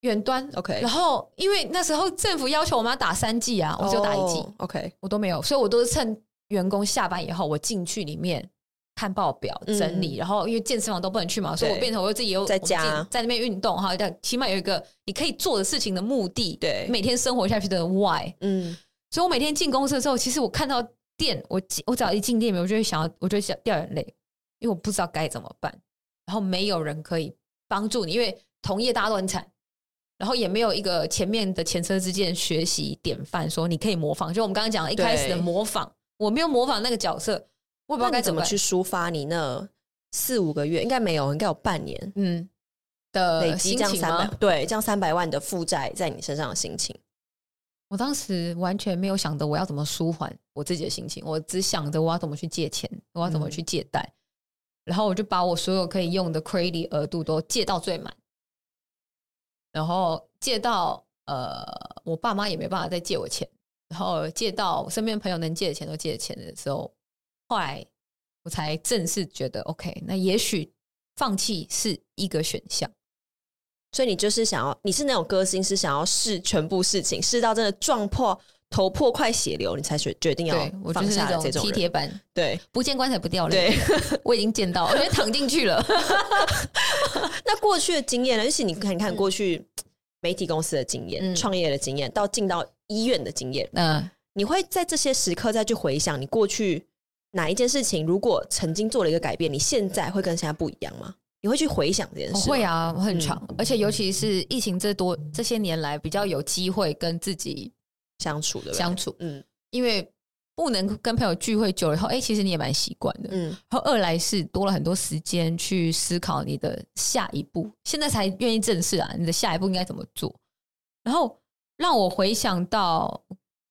對，遠端 OK。然後因為那時候政府要求我們要打三劑啊，oh, 我只有打一劑。OK，我都沒有，所以我都是趁員工下班以後，我進去裡面看報表、整理，嗯。然後因為健身房都不能去嘛，所以我變成我自己也有在家在那邊運動哈。但起碼有一個你可以做的事情的目的，對，每天生活下去的 Why？嗯。所以，我每天進公司的時候，其實我看到店，我只我只要一進店裡面，我就會想要，我就會想掉眼淚，因為我不知道該怎麼辦，然後沒有人可以幫助你，因為同業大亂產。然後也沒有一個前面的前車之鑑學習典範，說你可以模仿。就我們剛剛講一開始的模仿，我沒有模仿那個角色，我不知道該怎，怎麼去抒發你那四五個月，應該沒有，應該有半年，嗯，的累積這樣三百萬對，這樣三百萬的負債在你身上的心情。我當時完全沒有想着我要怎麼舒緩我自己的心情，我只想着我要怎麼去借錢，我要怎麼去借貸，嗯，然後我就把我所有可以用的 credit 額度都借到最滿，然後借到呃，我爸媽也沒辦法再借我錢，然後借到我身邊朋友能借的錢都借錢的時候，後來我才正式覺得 OK，那也許放棄是一個選項。所以你就是想要，你是那種個性，是想要試全部事情，試到真的撞破頭破快血流，你才決決定要放下這種。踢鐵板，對，不見棺材不掉淚。對，我已經見到， 我已經躺進去了。 那過去的經驗，而且你看看過去媒體公司的經驗、創、嗯、業的經驗，到進到醫院的經驗，嗯，你會在這些時刻再去回想，你過去哪一件事情如果曾經做了一個改變，你現在會跟現在不一樣嗎？你會去回想這件事？我會啊，很長、嗯。而且尤其是疫情這多這些年來，比較有機會跟自己相處，相處的相處。嗯，因為不能跟朋友聚會久了以後，哎、欸，其實你也蠻習慣的。嗯。然後二來是多了很多時間去思考你的下一步。現在才願意正視啊，你的下一步應該怎麼做？然後讓我回想到，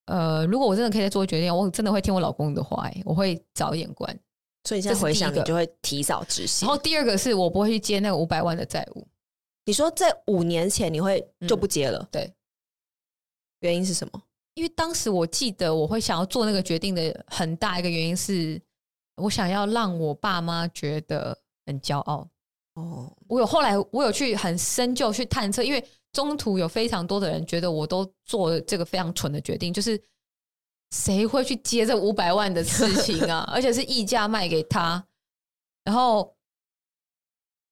呃，如果我真的可以再做決定，我真的會聽我老公的話、欸。哎，我會早一點關。所以現在回想，你就會提早執行。然後第二個是我不會去接那個五百萬的債務。你說在五年前你會就不接了？嗯，對，原因是什麼？因為當時我記得我會想要做那個決定的很大一個原因是我想要讓我爸媽覺得很驕傲。哦，我有後來我有去很深究去探測，因為中途有非常多的人覺得我都做了這個非常蠢的決定，就是。誰會去接這五百萬的事情啊？ 而且是溢價賣給他，然後，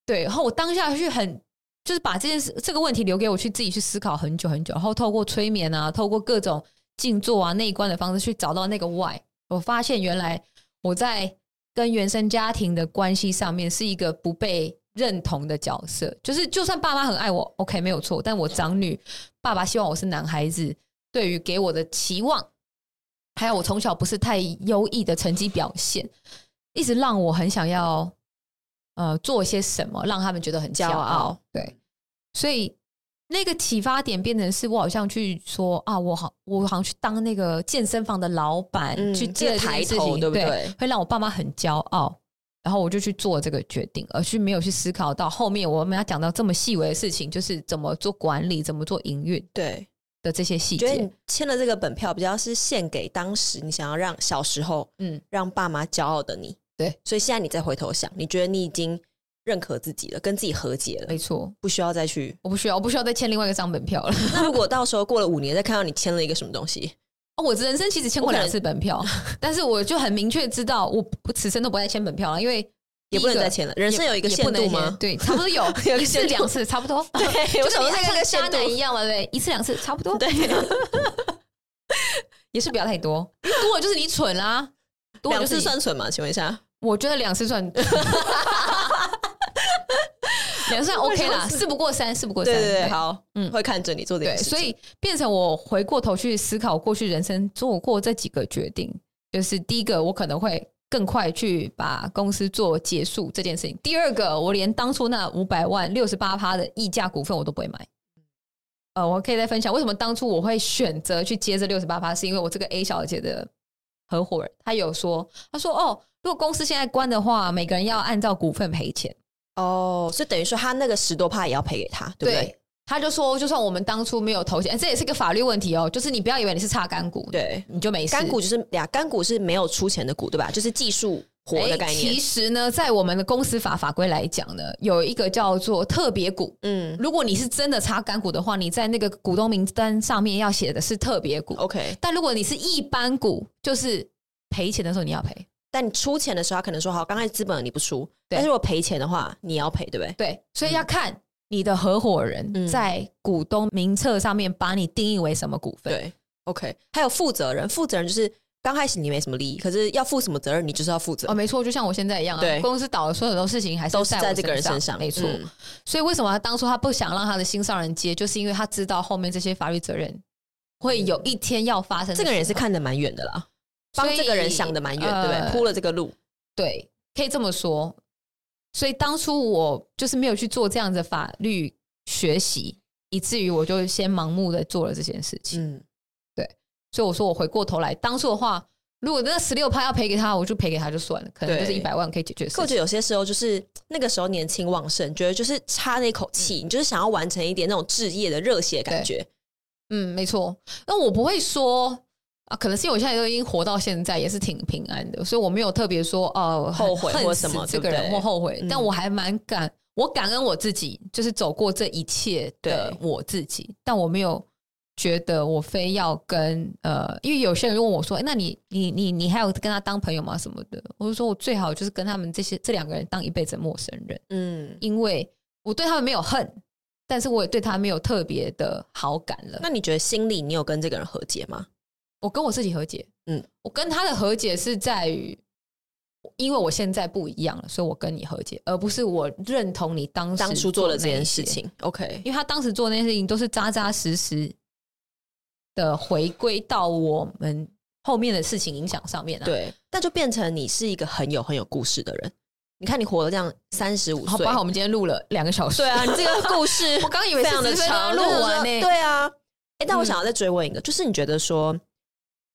對，然後我當下去很，就是把這件事這個問題留給我去自己去思考很久很久，然後透過催眠啊，透過各種靜坐啊、內觀的方式去找到那個 why。我發現原來我在跟原生家庭的關係上面是一個不被認同的角色，就是就算爸媽很愛我，OK 沒有錯，但我長女爸爸希望我是男孩子，對於給我的期望。還有我從小不是太優異的成績表現，一直讓我很想要，呃，做些什麼讓他們覺得很驕傲，傲。對，所以那個啟發點變成是我好像去說啊，我好，我好像去當那個健身房的老闆、嗯，去接、嗯，這個抬頭，對，對不對，對？會讓我爸媽很驕傲。然後我就去做這個決定，而去沒有去思考到後面我們要講到這麼細微的事情，就是怎麼做管理，怎麼做營運，對。的這些細節，我覺得你簽了這個本票，比較是獻給當時你想要讓小時候，嗯，讓爸媽驕傲的你。嗯。對，所以現在你再回頭想，你覺得你已經認可自己了，跟自己和解了，沒錯，不需要再去，我不需要，我不需要再簽另外一個張本票了。那如果到時候過了五年，再看到你簽了一個什麼東西？ 哦，我的人生其實簽過兩次本票，但是我就很明確知道，我我此生都不再簽本票了，因為。也不能再前了，人生有一個限度嗎？嗎對，差不多有一次兩次，差不多。就是那個渣男一樣的對？一次兩次，差不多。對， 對對 也是不要太多，多了就是你蠢啦、啊，兩次算蠢嗎？請問一下，我覺得兩次算，兩 次算 OK 啦，事不過三，事不過三對對對對，對，好，嗯，會看着你做的。對，所以變成我回過頭去思考過去人生做過這幾個決定，就是第一個，我可能會。更快去把公司做結束這件事情。第二個，我連當初那五百萬六十八趴的溢價股份我都不會買。呃，我可以再分享為什麼當初我會選擇去接這六十八趴，是因為我這個 A 小姐的合夥人，她有說，她說哦，如果公司現在關的話，每個人要按照股份賠錢。哦，就等於說，他那個十多趴也要賠給他，對不對？他就說，就算我們當初沒有投錢，欸、這也是個法律問題哦。就是你不要以為你是差乾股，對，你就沒事。乾股就是倆，乾股是沒有出錢的股，對吧？就是技術活的概念、欸。其實呢，在我們的公司法法規來講呢，有一個叫做特別股。嗯，如果你是真的差乾股的話，你在那個股東名單上面要寫的是特別股。OK，但如果你是一般股，就是賠錢的時候你要賠，但你出錢的時候，他可能說好，剛開始資本你不出，對，但是我賠錢的話，你要賠，對不對？對，所以要看。嗯你的合夥人在股東名冊上面把你定義為什麼股份？嗯、對，OK，還有負責人，負責人就是剛開始你沒什麼利益，可是要負什麼責任，你就是要負責。哦，沒錯，就像我現在一樣、啊，對，公司倒了，說很多事情還是在都是在這個人身上，沒錯、嗯。所以為什麼他當初他不想讓他的心上人接，就是因為他知道後面這些法律責任會有一天要發生、嗯。這個人是看得蠻遠的啦，幫這個人想的蠻遠，對不對？鋪了這個路，對，可以這麼說。所以當初我就是沒有去做這樣的法律學習，以至於我就先盲目的做了這件事情。嗯，對。所以我說我回過頭來，當初的話，如果那十六趴要賠給他，我就賠給他就算了，可能就是一百萬可以解決。或者有些時候就是那個時候年輕旺盛，覺得就是差那一口氣，嗯，你就是想要完成一點那種置業的熱血的感覺。嗯，沒錯。那我不會說。啊，可能是因為我現在都已經活到現在，也是挺平安的，所以我沒有特別說哦，後悔或什麼這個人或後悔。後悔，但我還蠻感、嗯，我感恩我自己，就是走過這一切的我自己。但我沒有覺得我非要跟呃，因為有些人問我說，欸、那你你你你還有跟他當朋友嗎？什麼的？我就說我最好就是跟他們這些這兩個人當一輩子陌生人。嗯，因為我對他們沒有恨，但是我也對他們沒有特別的好感了。那你覺得心裡你有跟這個人和解嗎？我跟我自己和解，嗯，我跟他的和解是在於，因為我現在不一樣了，所以我跟你和解，而不是我認同你當時當初做的這件事情。OK，因為他當時做的那件事情都是扎扎實實的回歸到我們後面的事情影響上面的。啊，對，但就變成你是一個很有很有故事的人。你看你活了這樣三十五歲，剛好，好，我們今天錄了兩個小時。對啊，你這個故事 我剛以為這樣、欸、的長，錄完呢。對啊，哎、欸，但我想要再追問一個，嗯、就是你覺得說。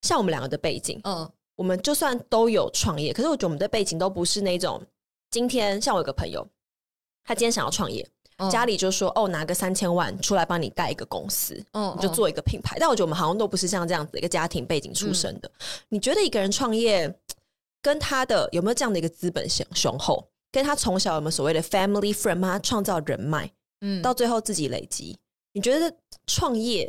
像我們兩個的背景，嗯、oh.，我們就算都有創業，可是我覺得我們的背景都不是那種。今天像我有個朋友，他今天想要創業，oh. 家裡就說哦，拿個三千萬出來幫你蓋一個公司，嗯、oh.，你就做一個品牌。但我覺得我們好像都不是像這樣子一個家庭背景出身的。嗯、你覺得一個人創業跟他的有沒有這樣的一個資本雄厚，跟他從小有沒有所謂的 family friend 他創造人脈，嗯，到最後自己累積，你覺得創業？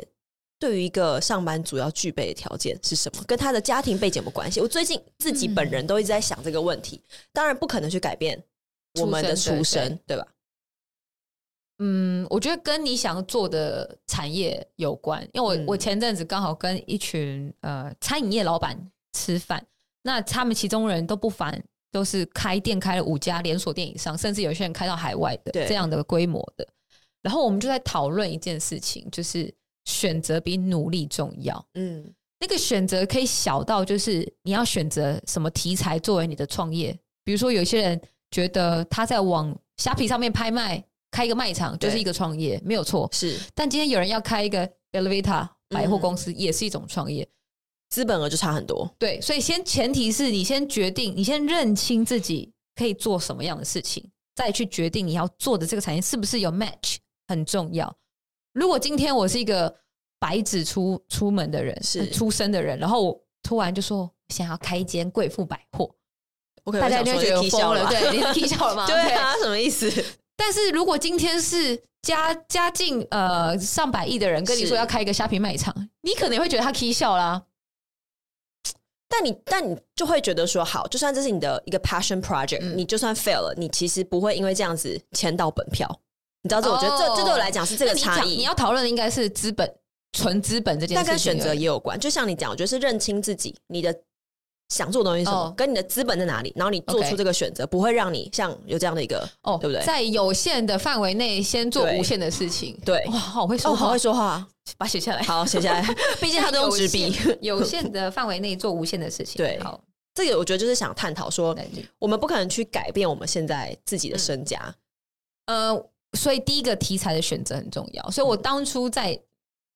對於一個上班族要具備的條件是什麼？跟他的家庭背景有沒有關係？我最近自己本人都一直在想這個問題。嗯、當然，不可能去改變我們的出身生對對，對吧？嗯，我覺得跟你想做的產業有關。因為我、嗯、我前陣子剛好跟一群呃餐飲業老闆吃飯，那他們其中人都不凡，都是開店開了五家連鎖店以上，甚至有些人開到海外的這樣的規模的。然後我們就在討論一件事情，就是。選擇比努力重要。嗯，那個選擇可以小到就是你要選擇什麼題材作為你的創業，比如說有一些人覺得他在往蝦皮上面拍賣開一個賣場就是一個創業，沒有錯。是，但今天有人要開一個 Elevator 百貨公司、嗯、也是一種創業，資本額就差很多。對，所以先前提是你先決定，你先認清自己可以做什麼樣的事情，再去決定你要做的這個產業是不是有 match，很重要。如果今天我是一個白紙出出門的人，是出生的人，然後突然就說想要開一間貴婦百貨，okay，大家應該覺得瘋了吧？你連起笑，笑嗎？對 ，okay，什麼意思？但是如果今天是家家境呃上百億的人，跟你說要開一個蝦皮賣場，你可能會覺得他起笑啦。但你但你就會覺得說好，就算這是你的一個 passion project、嗯、你就算 fail 了，你其實不會因為這樣子簽到本票。你知道，我覺得這、oh, 這對我來講是這個差異。你要討論的應該是資本、純資本這件事情，但跟選擇也有關。就像你講，我覺得是認清自己，你的想做的東西什麼，oh, 跟你的資本在哪裡，然後你做出這個選擇，okay. 不會讓你像有這樣的一個哦，oh, 對不對？在有限的範圍內先做無限的事情，對，對哇，好會說，好會說話，oh, 說話把寫下來，好寫下來。畢 竟他都用紙筆，有限的範圍內做無限的事情，對。好，這個我覺得就是想探討說、嗯，我們不可能去改變我們現在自己的身家，嗯、呃。所以第一個題材的選擇很重要。所以我當初在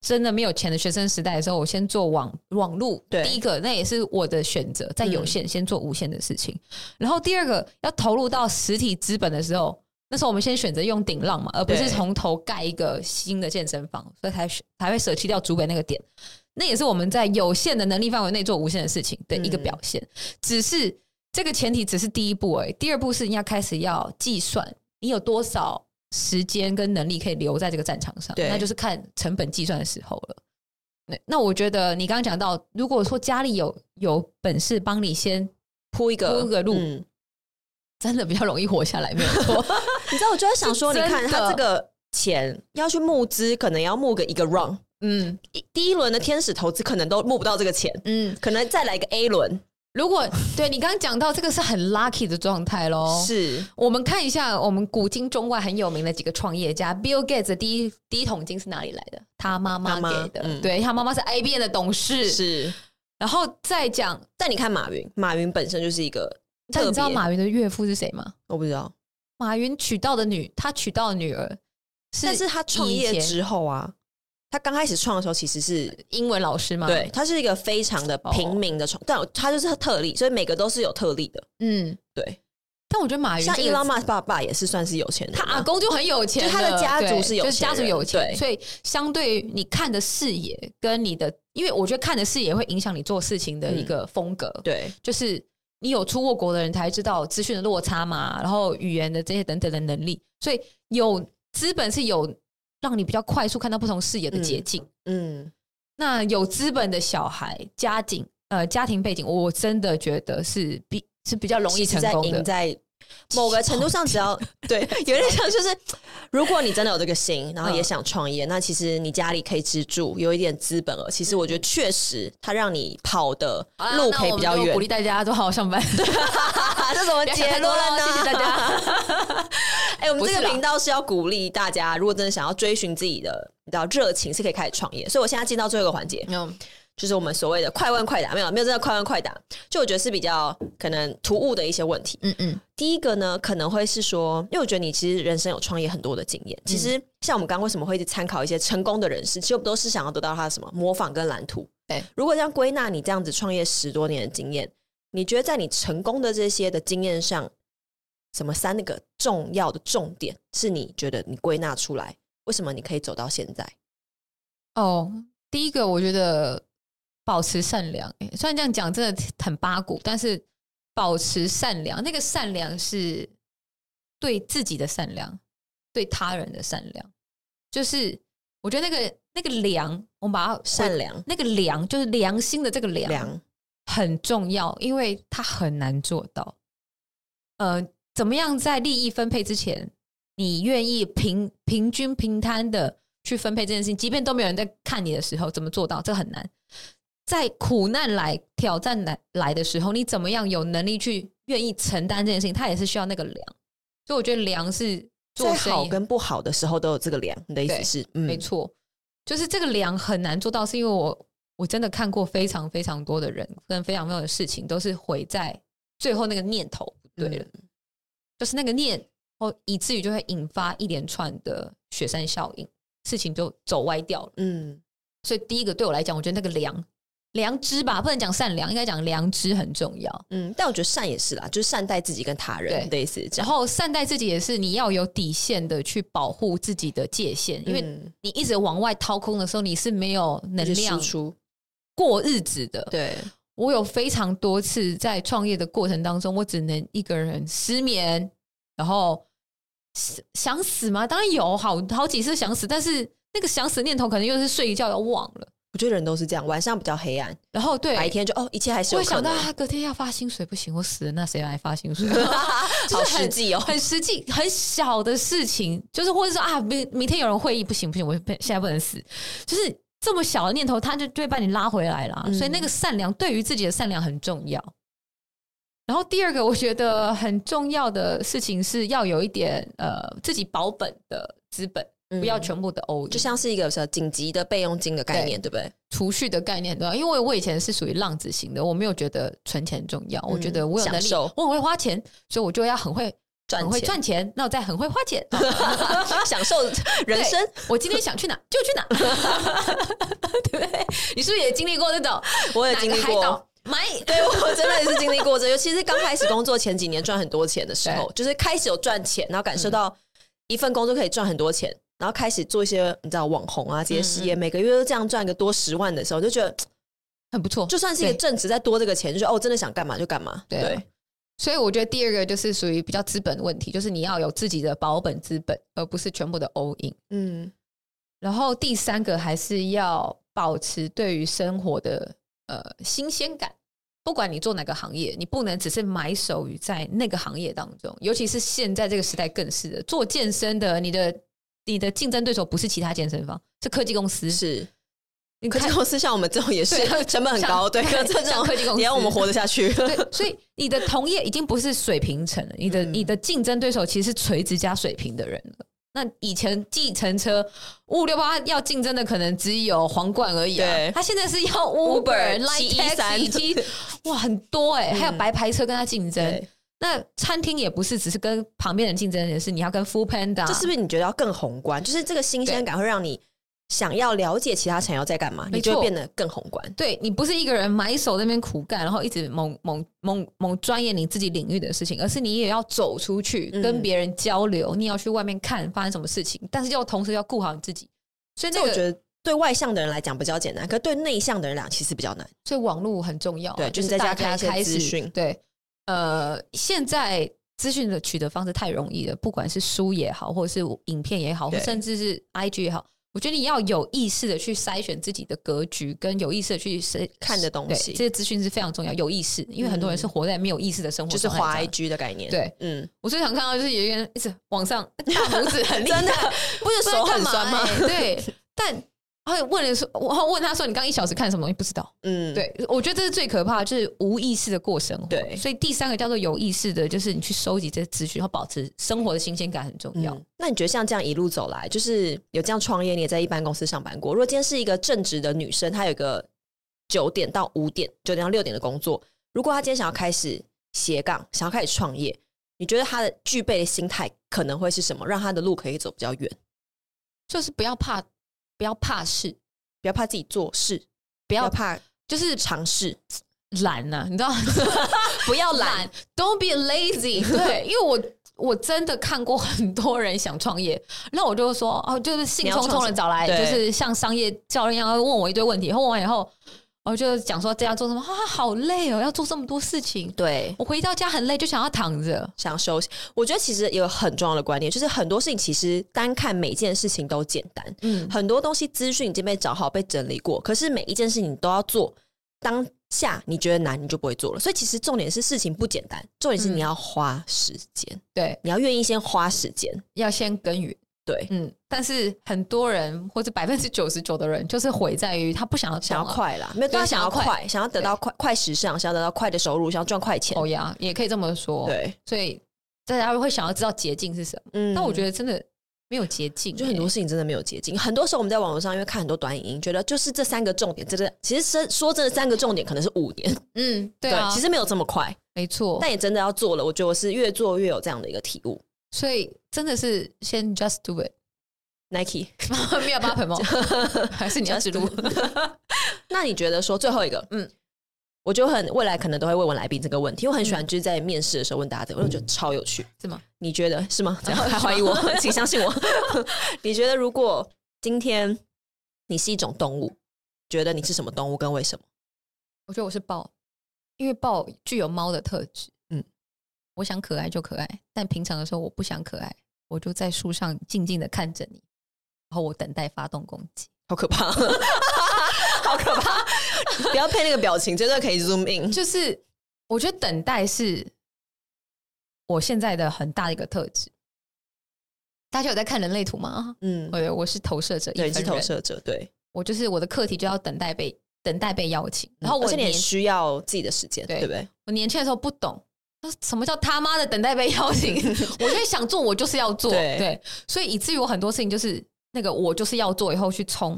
真的沒有錢的學生時代的時候，我先做網網路，對，第一個，那也是我的選擇，在有限先做無限的事情。然後第二個要投入到實體資本的時候，那時候我們先選擇用頂讓嘛，而不是從頭蓋一個新的健身房。所以才才會捨棄掉竹北那個點。那也是我們在有限的能力範圍內做無限的事情的一個表現。只是這個前提只是第一步，哎，第二步是你要開始要計算你有多少。時間跟能力可以留在這個戰場上，那就是看成本計算的時候了。那那我覺得你剛剛講到，如果說家裡有有本事幫你先鋪一個鋪個路，嗯，真的比較容易活下來，沒有錯。 你知道，我就在想說是，你看他這個錢要去募資，可能要募個一個 round，嗯，第一輪的天使投資可能都募不到這個錢，嗯，可能再來一個 A 輪。如果對你剛剛講到這個是很 lucky 的狀態咯。是，我們看一下我們古今中外很有名的幾個創業家，Bill Gates 的第一第一桶金是哪裡來的？他媽媽給的，媽媽嗯、對，他媽媽是 IBM 的董事是，然後再講，但你看馬雲，馬雲本身就是一個，但你知道馬雲的岳父是誰嗎？我不知道，馬雲娶到的女，他娶到的女兒是，但是他創業之後啊。他剛開始創的時候，其實是英文老師嘛？對，他是一個非常的平民的創，oh. 但他就是特例，所以每個都是有特例的。嗯，對。但我覺得馬雲、這個、像 Elon Musk 爸爸也是算是有錢的，他阿公就很有錢，就他的家族是有錢。就是、家族有錢，所以相對你看的視野跟你的，因為我覺得看的視野會影響你做事情的一個風格、嗯。對，就是你有出過國的人才知道資訊的落差嘛，然後語言的這些等等的能力，所以有資本是有。讓你比較快速看到不同視野的捷徑。嗯。嗯，那有資本的小孩、家境，呃，家庭背景，我真的覺得是比是比較容易成功的。某個程度上，只要、啊、對、啊、有點像，就是、啊、如果你真的有這個心，然後也想創業，嗯，那其實你家裡可以資助，有一點資本了。其實我覺得確實，它讓你跑的路可以比較遠。我我鼓勵大家都好好上班， 這什麼結論呢、啊？謝謝大家。哎、 欸，我們這個頻道是要鼓勵大家，如果真的想要追尋自己的比較熱情，是可以開始創業。所以我現在進到最後一個環節。嗯就是我們所謂的快問快答，沒有沒有這個快問快答，就我覺得是比較可能突兀的一些問題。嗯嗯，第一個呢，可能會是說，因為我覺得你其實人生有創業很多的經驗、嗯，其實像我們剛剛為什麼會去參考一些成功的人士，其實不都是想要得到他的什麼模仿跟藍圖？對。如果像歸納你這樣子創業十多年的經驗，你覺得在你成功的這些的經驗上，什麼三個重要的重點是你覺得你歸納出來，為什麼你可以走到現在？哦，oh，第一個我覺得。保持善良，雖然這樣講真的很八股，但是保持善良，那個善良是對自己的善良，對他人的善良，就是我覺得那個那個良，我們把它善良，善良那個良就是良心的這個良，良很重要，因為它很難做到。呃，怎麼樣在利益分配之前，你願意平平均平攤的去分配這件事情，即便都沒有人在看你的時候，怎麼做到？這很難。在苦難來挑戰來來的時候，你怎麼樣有能力去願意承擔這件事情？它也是需要那個量，所以我覺得量是做最好跟不好的時候都有這個量。你的意思是，嗯、沒錯，就是這個量很難做到，是因為我我真的看過非常非常多的人跟非常多的事情，都是毀在最後那個念頭，對了，嗯、就是那個念，哦，以至於就會引發一連串的雪山效應，事情就走歪掉了。嗯，所以第一個對我來講，我覺得那個量。良知吧，不能講善良，應該講良知很重要。嗯，但我覺得善也是啦，就是善待自己跟他人對的，然後善待自己也是，你要有底線的去保護自己的界限。嗯，因為你一直往外掏空的時候，你是沒有能量出過日子的。對，我有非常多次在創業的過程當中，我只能一個人失眠，然後想死嗎？當然有，好好幾次想死，但是那個想死念頭可能又是睡一覺又忘了。我覺得人都是這樣，晚上比較黑暗，然後對白天就哦，一切還是我想到啊，隔天要發薪水不行，我死了，那誰來發薪水？ 很好實際哦，很實際，很小的事情，就是或者說啊，明明天有人會議不行，不行，我現在不能死，就是這麼小的念頭，他就就會把你拉回來了。嗯。所以那個善良對於自己的善良很重要。然後第二個我覺得很重要的事情是要有一點呃自己保本的資本。嗯、不要全部的 O，就像是一個什麼緊急的備用金的概念對，對不對？儲蓄的概念，對。因為我以前是屬於浪子型的，我沒有覺得存錢重要。嗯、我覺得我有能力，我很會花錢，所以我就要很會很會賺錢。那我再很會花錢，哦、 享受人生。我今天想去哪 就去哪。 對，你是不是也經歷過這種？我也經歷過。買，對我真的也是經歷過這。尤其是剛開始工作前幾年賺很多錢的時候，就是開始有賺錢，然後感受到一份工作可以賺很多錢。嗯然後開始做一些你知道網紅啊，這些事業嗯嗯，每個月都這樣賺個多十萬的時候，就覺得很不錯。就算是一個正職，再多這個錢，就說哦，真的想幹嘛就幹嘛。對、啊。對，所以我覺得第二個就是屬於比較資本的問題，就是你要有自己的保本資本，而不是全部的 all in。嗯，然後第三個還是要保持對於生活的呃新鮮感。不管你做哪個行業，你不能只是埋首於在那個行業當中，尤其是現在這個時代，更是的做健身的，你的。你的競爭對手不是其他健身房，是科技公司。是，你科技公司像我們這種也是成本很高，對，這樣科技公司你要我們活得下去。對，所以你的同業已經不是水平層了 你，你的你的競爭對手其實是垂直加水平的人了、嗯、那以前計程車五五六八要競爭的可能只有皇冠而已、啊，對，他現在是要 Uber, Uber Litex、Lyft、三 T，哇，很多哎、欸嗯，還有白牌車跟他競爭。那餐廳也不是，只是跟旁邊的競爭人是，你要跟 foodpanda 這是不是你覺得要更宏觀？就是這個新鮮感會讓你想要了解其他產業在幹嘛，你就變得更宏觀。對，你不是一個人埋首在那邊苦幹，然後一直某某某某專業你自己領域的事情，而是你也要走出去跟別人交流、嗯，你要去外面看發生什麼事情，但是又同時要顧好你自己。所以那、這個、我覺得對外向的人來講比較簡單，可是對內向的人來講其實比較難。所以網絡很重要、啊，對，就是大家看一些資訊，對。呃，現在資訊的取得方式太容易了，不管是書也好，或者是影片也好，或甚至是 IG 也好，我覺得你要有意識的去篩選自己的格局，跟有意識的去看的東西，這些資訊是非常重要。有意識，因為很多人是活在沒有意識的生活、嗯，就是滑 IG 的概念。對，嗯，我最想看到就是有一個人一直往上，大鬍子很厲害， 害，不是，手，不是、欸、手很酸嗎？對， 但。然後問了說，我問他說：“你剛一小時看什麼東西？”不知道。嗯，對，我覺得這是最可怕，就是無意識的過生活。對，所以第三個叫做有意識的，就是你去收集這些資訊，然後保持生活的新鮮感很重要、嗯。那你覺得像這樣一路走來，就是有這樣創業，你也在一般公司上班過。如果今天是一個正直的女生，她有個九點到五點、九點到六點的工作，如果她今天想要開始斜槓，想要開始創業，你覺得她的具備的心態可能會是什麼，讓她的路可以走比較遠？就是不要怕。不要怕事，不要怕自己做事，不要怕，不要怕就是嘗試、啊。懶呢、啊？你知道？ 不要懶懶 ，Don't be lazy。 對，因為我我真的看過很多人想創業， 那我就說哦，就是興沖沖的找來，就是像商業教練一樣問我一堆問題，然後問完以後。我就講說，這樣做什麼啊？好累哦、喔，要做這麼多事情。對，我回到家很累，就想要躺着，想休息。我覺得其實有很重要的觀念就是，很多事情其實單看每件事情都簡單，嗯，很多東西資訊已經被找好、被整理過，可是每一件事情都要做，當下你覺得難，你就不會做了。所以其實重點是事情不簡單，嗯、重點是你要花時間、嗯。對，你要願意先花時間，要先耕耘。對，嗯，但是很多人或者百分之九十九的人，就是毀在於他不想要、啊、想要快啦，沒有他想要快，想要得到快得到快，快時尚，想要得到快的收入，想要賺快錢。哦、oh、呀、yeah，也可以這麼說，對，所以大家會想要知道捷徑是什麼。嗯，但我覺得真的沒有捷徑、欸，就很多事情真的沒有捷徑。很多時候我們在網絡上因為看很多短影音，覺得就是這三個重點，這個其實說這三個重點可能是五年，嗯，對啊，對其實沒有這麼快，沒錯。但也真的要做了，我覺得我是越做越有這樣的一個體悟。所以真的是先 just do it，Nike 沒有八盆嗎？ 還是你要只錄？ 那你覺得說最後一個？嗯，我就很未來可能都會問來賓這個問題。我很喜歡就是在面試的時候問大家的，嗯、我覺得超有趣，是嗎？你覺得是嗎？然後、哦、還懷疑我， 請相信我。 你覺得如果今天你是一種動物，覺得你是什麼動物跟為什麼？我覺得我是豹，因為豹具有貓的特質。我想可愛就可愛，但平常的時候我不想可愛，我就在樹上靜靜的看着你，然後我等待發動攻擊，好可怕， 好可怕！ 不要配那個表情，真的可以 zoom in。就是我覺得等待是我現在的很大的一個特質。大家有在看人類圖嗎？嗯，對，我是投射者，也是投射者。對，我就是我的課題就要等待被等待被邀請，嗯、然後而且也需要自己的時間，對不對？我年輕的時候不懂。那什麼叫他媽的等待被邀請？ 我覺得想做，我就是要做。對，對，所以以至於我很多事情就是那個我就是要做，以後去衝，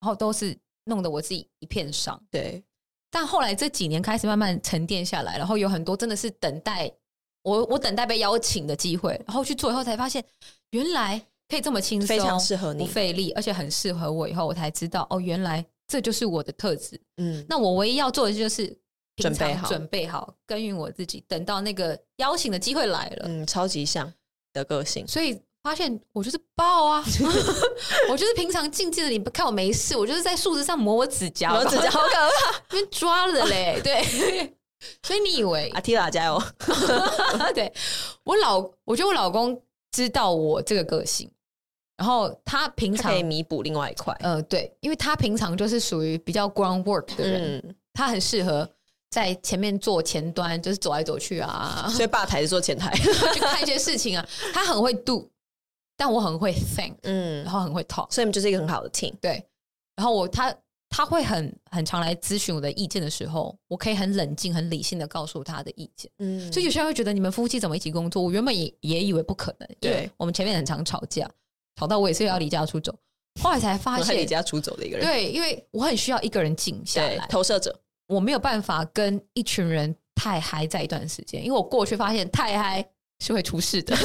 然後都是弄得我自己一片傷。對，但後來這幾年開始慢慢沉澱下來，然後有很多真的是等待我，我等待被邀請的機會，然後去做以後才發現，原來可以這麼輕鬆，非常適合你，不費力，而且很適合我。以後我才知道，哦，原來這就是我的特質。嗯，那我唯一要做的就是。準備好，準備好，耕耘我自己，等到那個邀請的機會來了。嗯，超級像的個性，所以發現我就是爆啊！ 我就是平常靜靜的你，你看我沒事，我就是在樹枝上磨我指甲，磨指甲好可怕，因 為抓了嘞。 對，所以你以為阿、啊、提 a 加油？ 對我老，我覺得我老公知道我這個個性，然後他平常他可以彌補另外一塊。嗯、呃，對，因為他平常就是屬於比較 ground work 的人，嗯、他很適合。在前面做前端，就是走來走去啊。所以吧台是做前台， 去看一些事情啊。他很會 do，但我很會 think，嗯，然後很會 talk，所以我們就是一個很好的 team。對，然後我他他會很很常來諮詢我的意見的時候，我可以很冷靜、很理性的告訴他的意見。嗯，所以有些人會覺得你們夫妻怎麼一起工作？我原本也也以為不可能。對，我們前面很常吵架，吵到我也是要離家出走，後來才發現我是離家出走的一個人。對，因為我很需要一個人靜下來。對，投射者。我沒有辦法跟一群人太嗨在一段時間，因為我過去發現太嗨是會出事的。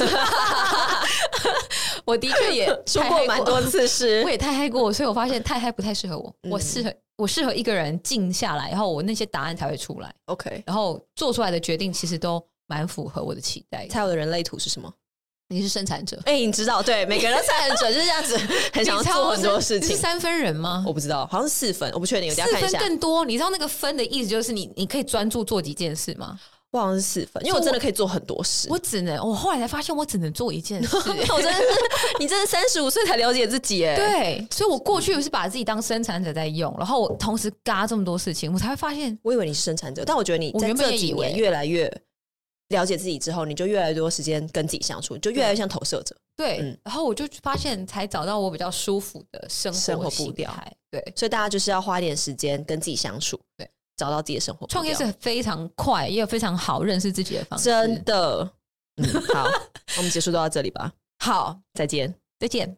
我的確也出過蠻多次事，我也太嗨過，所以我發現太嗨不太適合我。嗯、我適合我適合一個人靜下來，然後我那些答案才會出來。OK，然後做出來的決定其實都蠻符合我的期待的。猜我的人類圖是什麼？你是生產者，哎、欸，你知道，對，每個人都生產者， 就是這樣子，很想做很多事情。你是你是三分人嗎？我不知道，好像是四分，我不確定，大家看一下。四分更多，你知道那個分的意思就是你，你可以專注做幾件事嗎？我好像是四分，因為我真的可以做很多事。我，我只能，我後來才發現我只能做一件事。 我真的，你真的三十五歲才了解自己哎、欸。對，所以我過去不是把自己當生產者在用，然後我同時嘎這麼多事情，我才會發現，我以為你是生產者，但我覺得你在這幾年越來越。了解自己之後，你就越來越多時間跟自己相處，就越來越像投射者。對，嗯、對然後我就發現，才找到我比較舒服的生活步調。對，所以大家就是要花點時間跟自己相處，對，找到自己的生活。創業是非常快，也有非常好認識自己的方式。真的，嗯，好， 我們結束就到這裡吧。 好，再見，再見。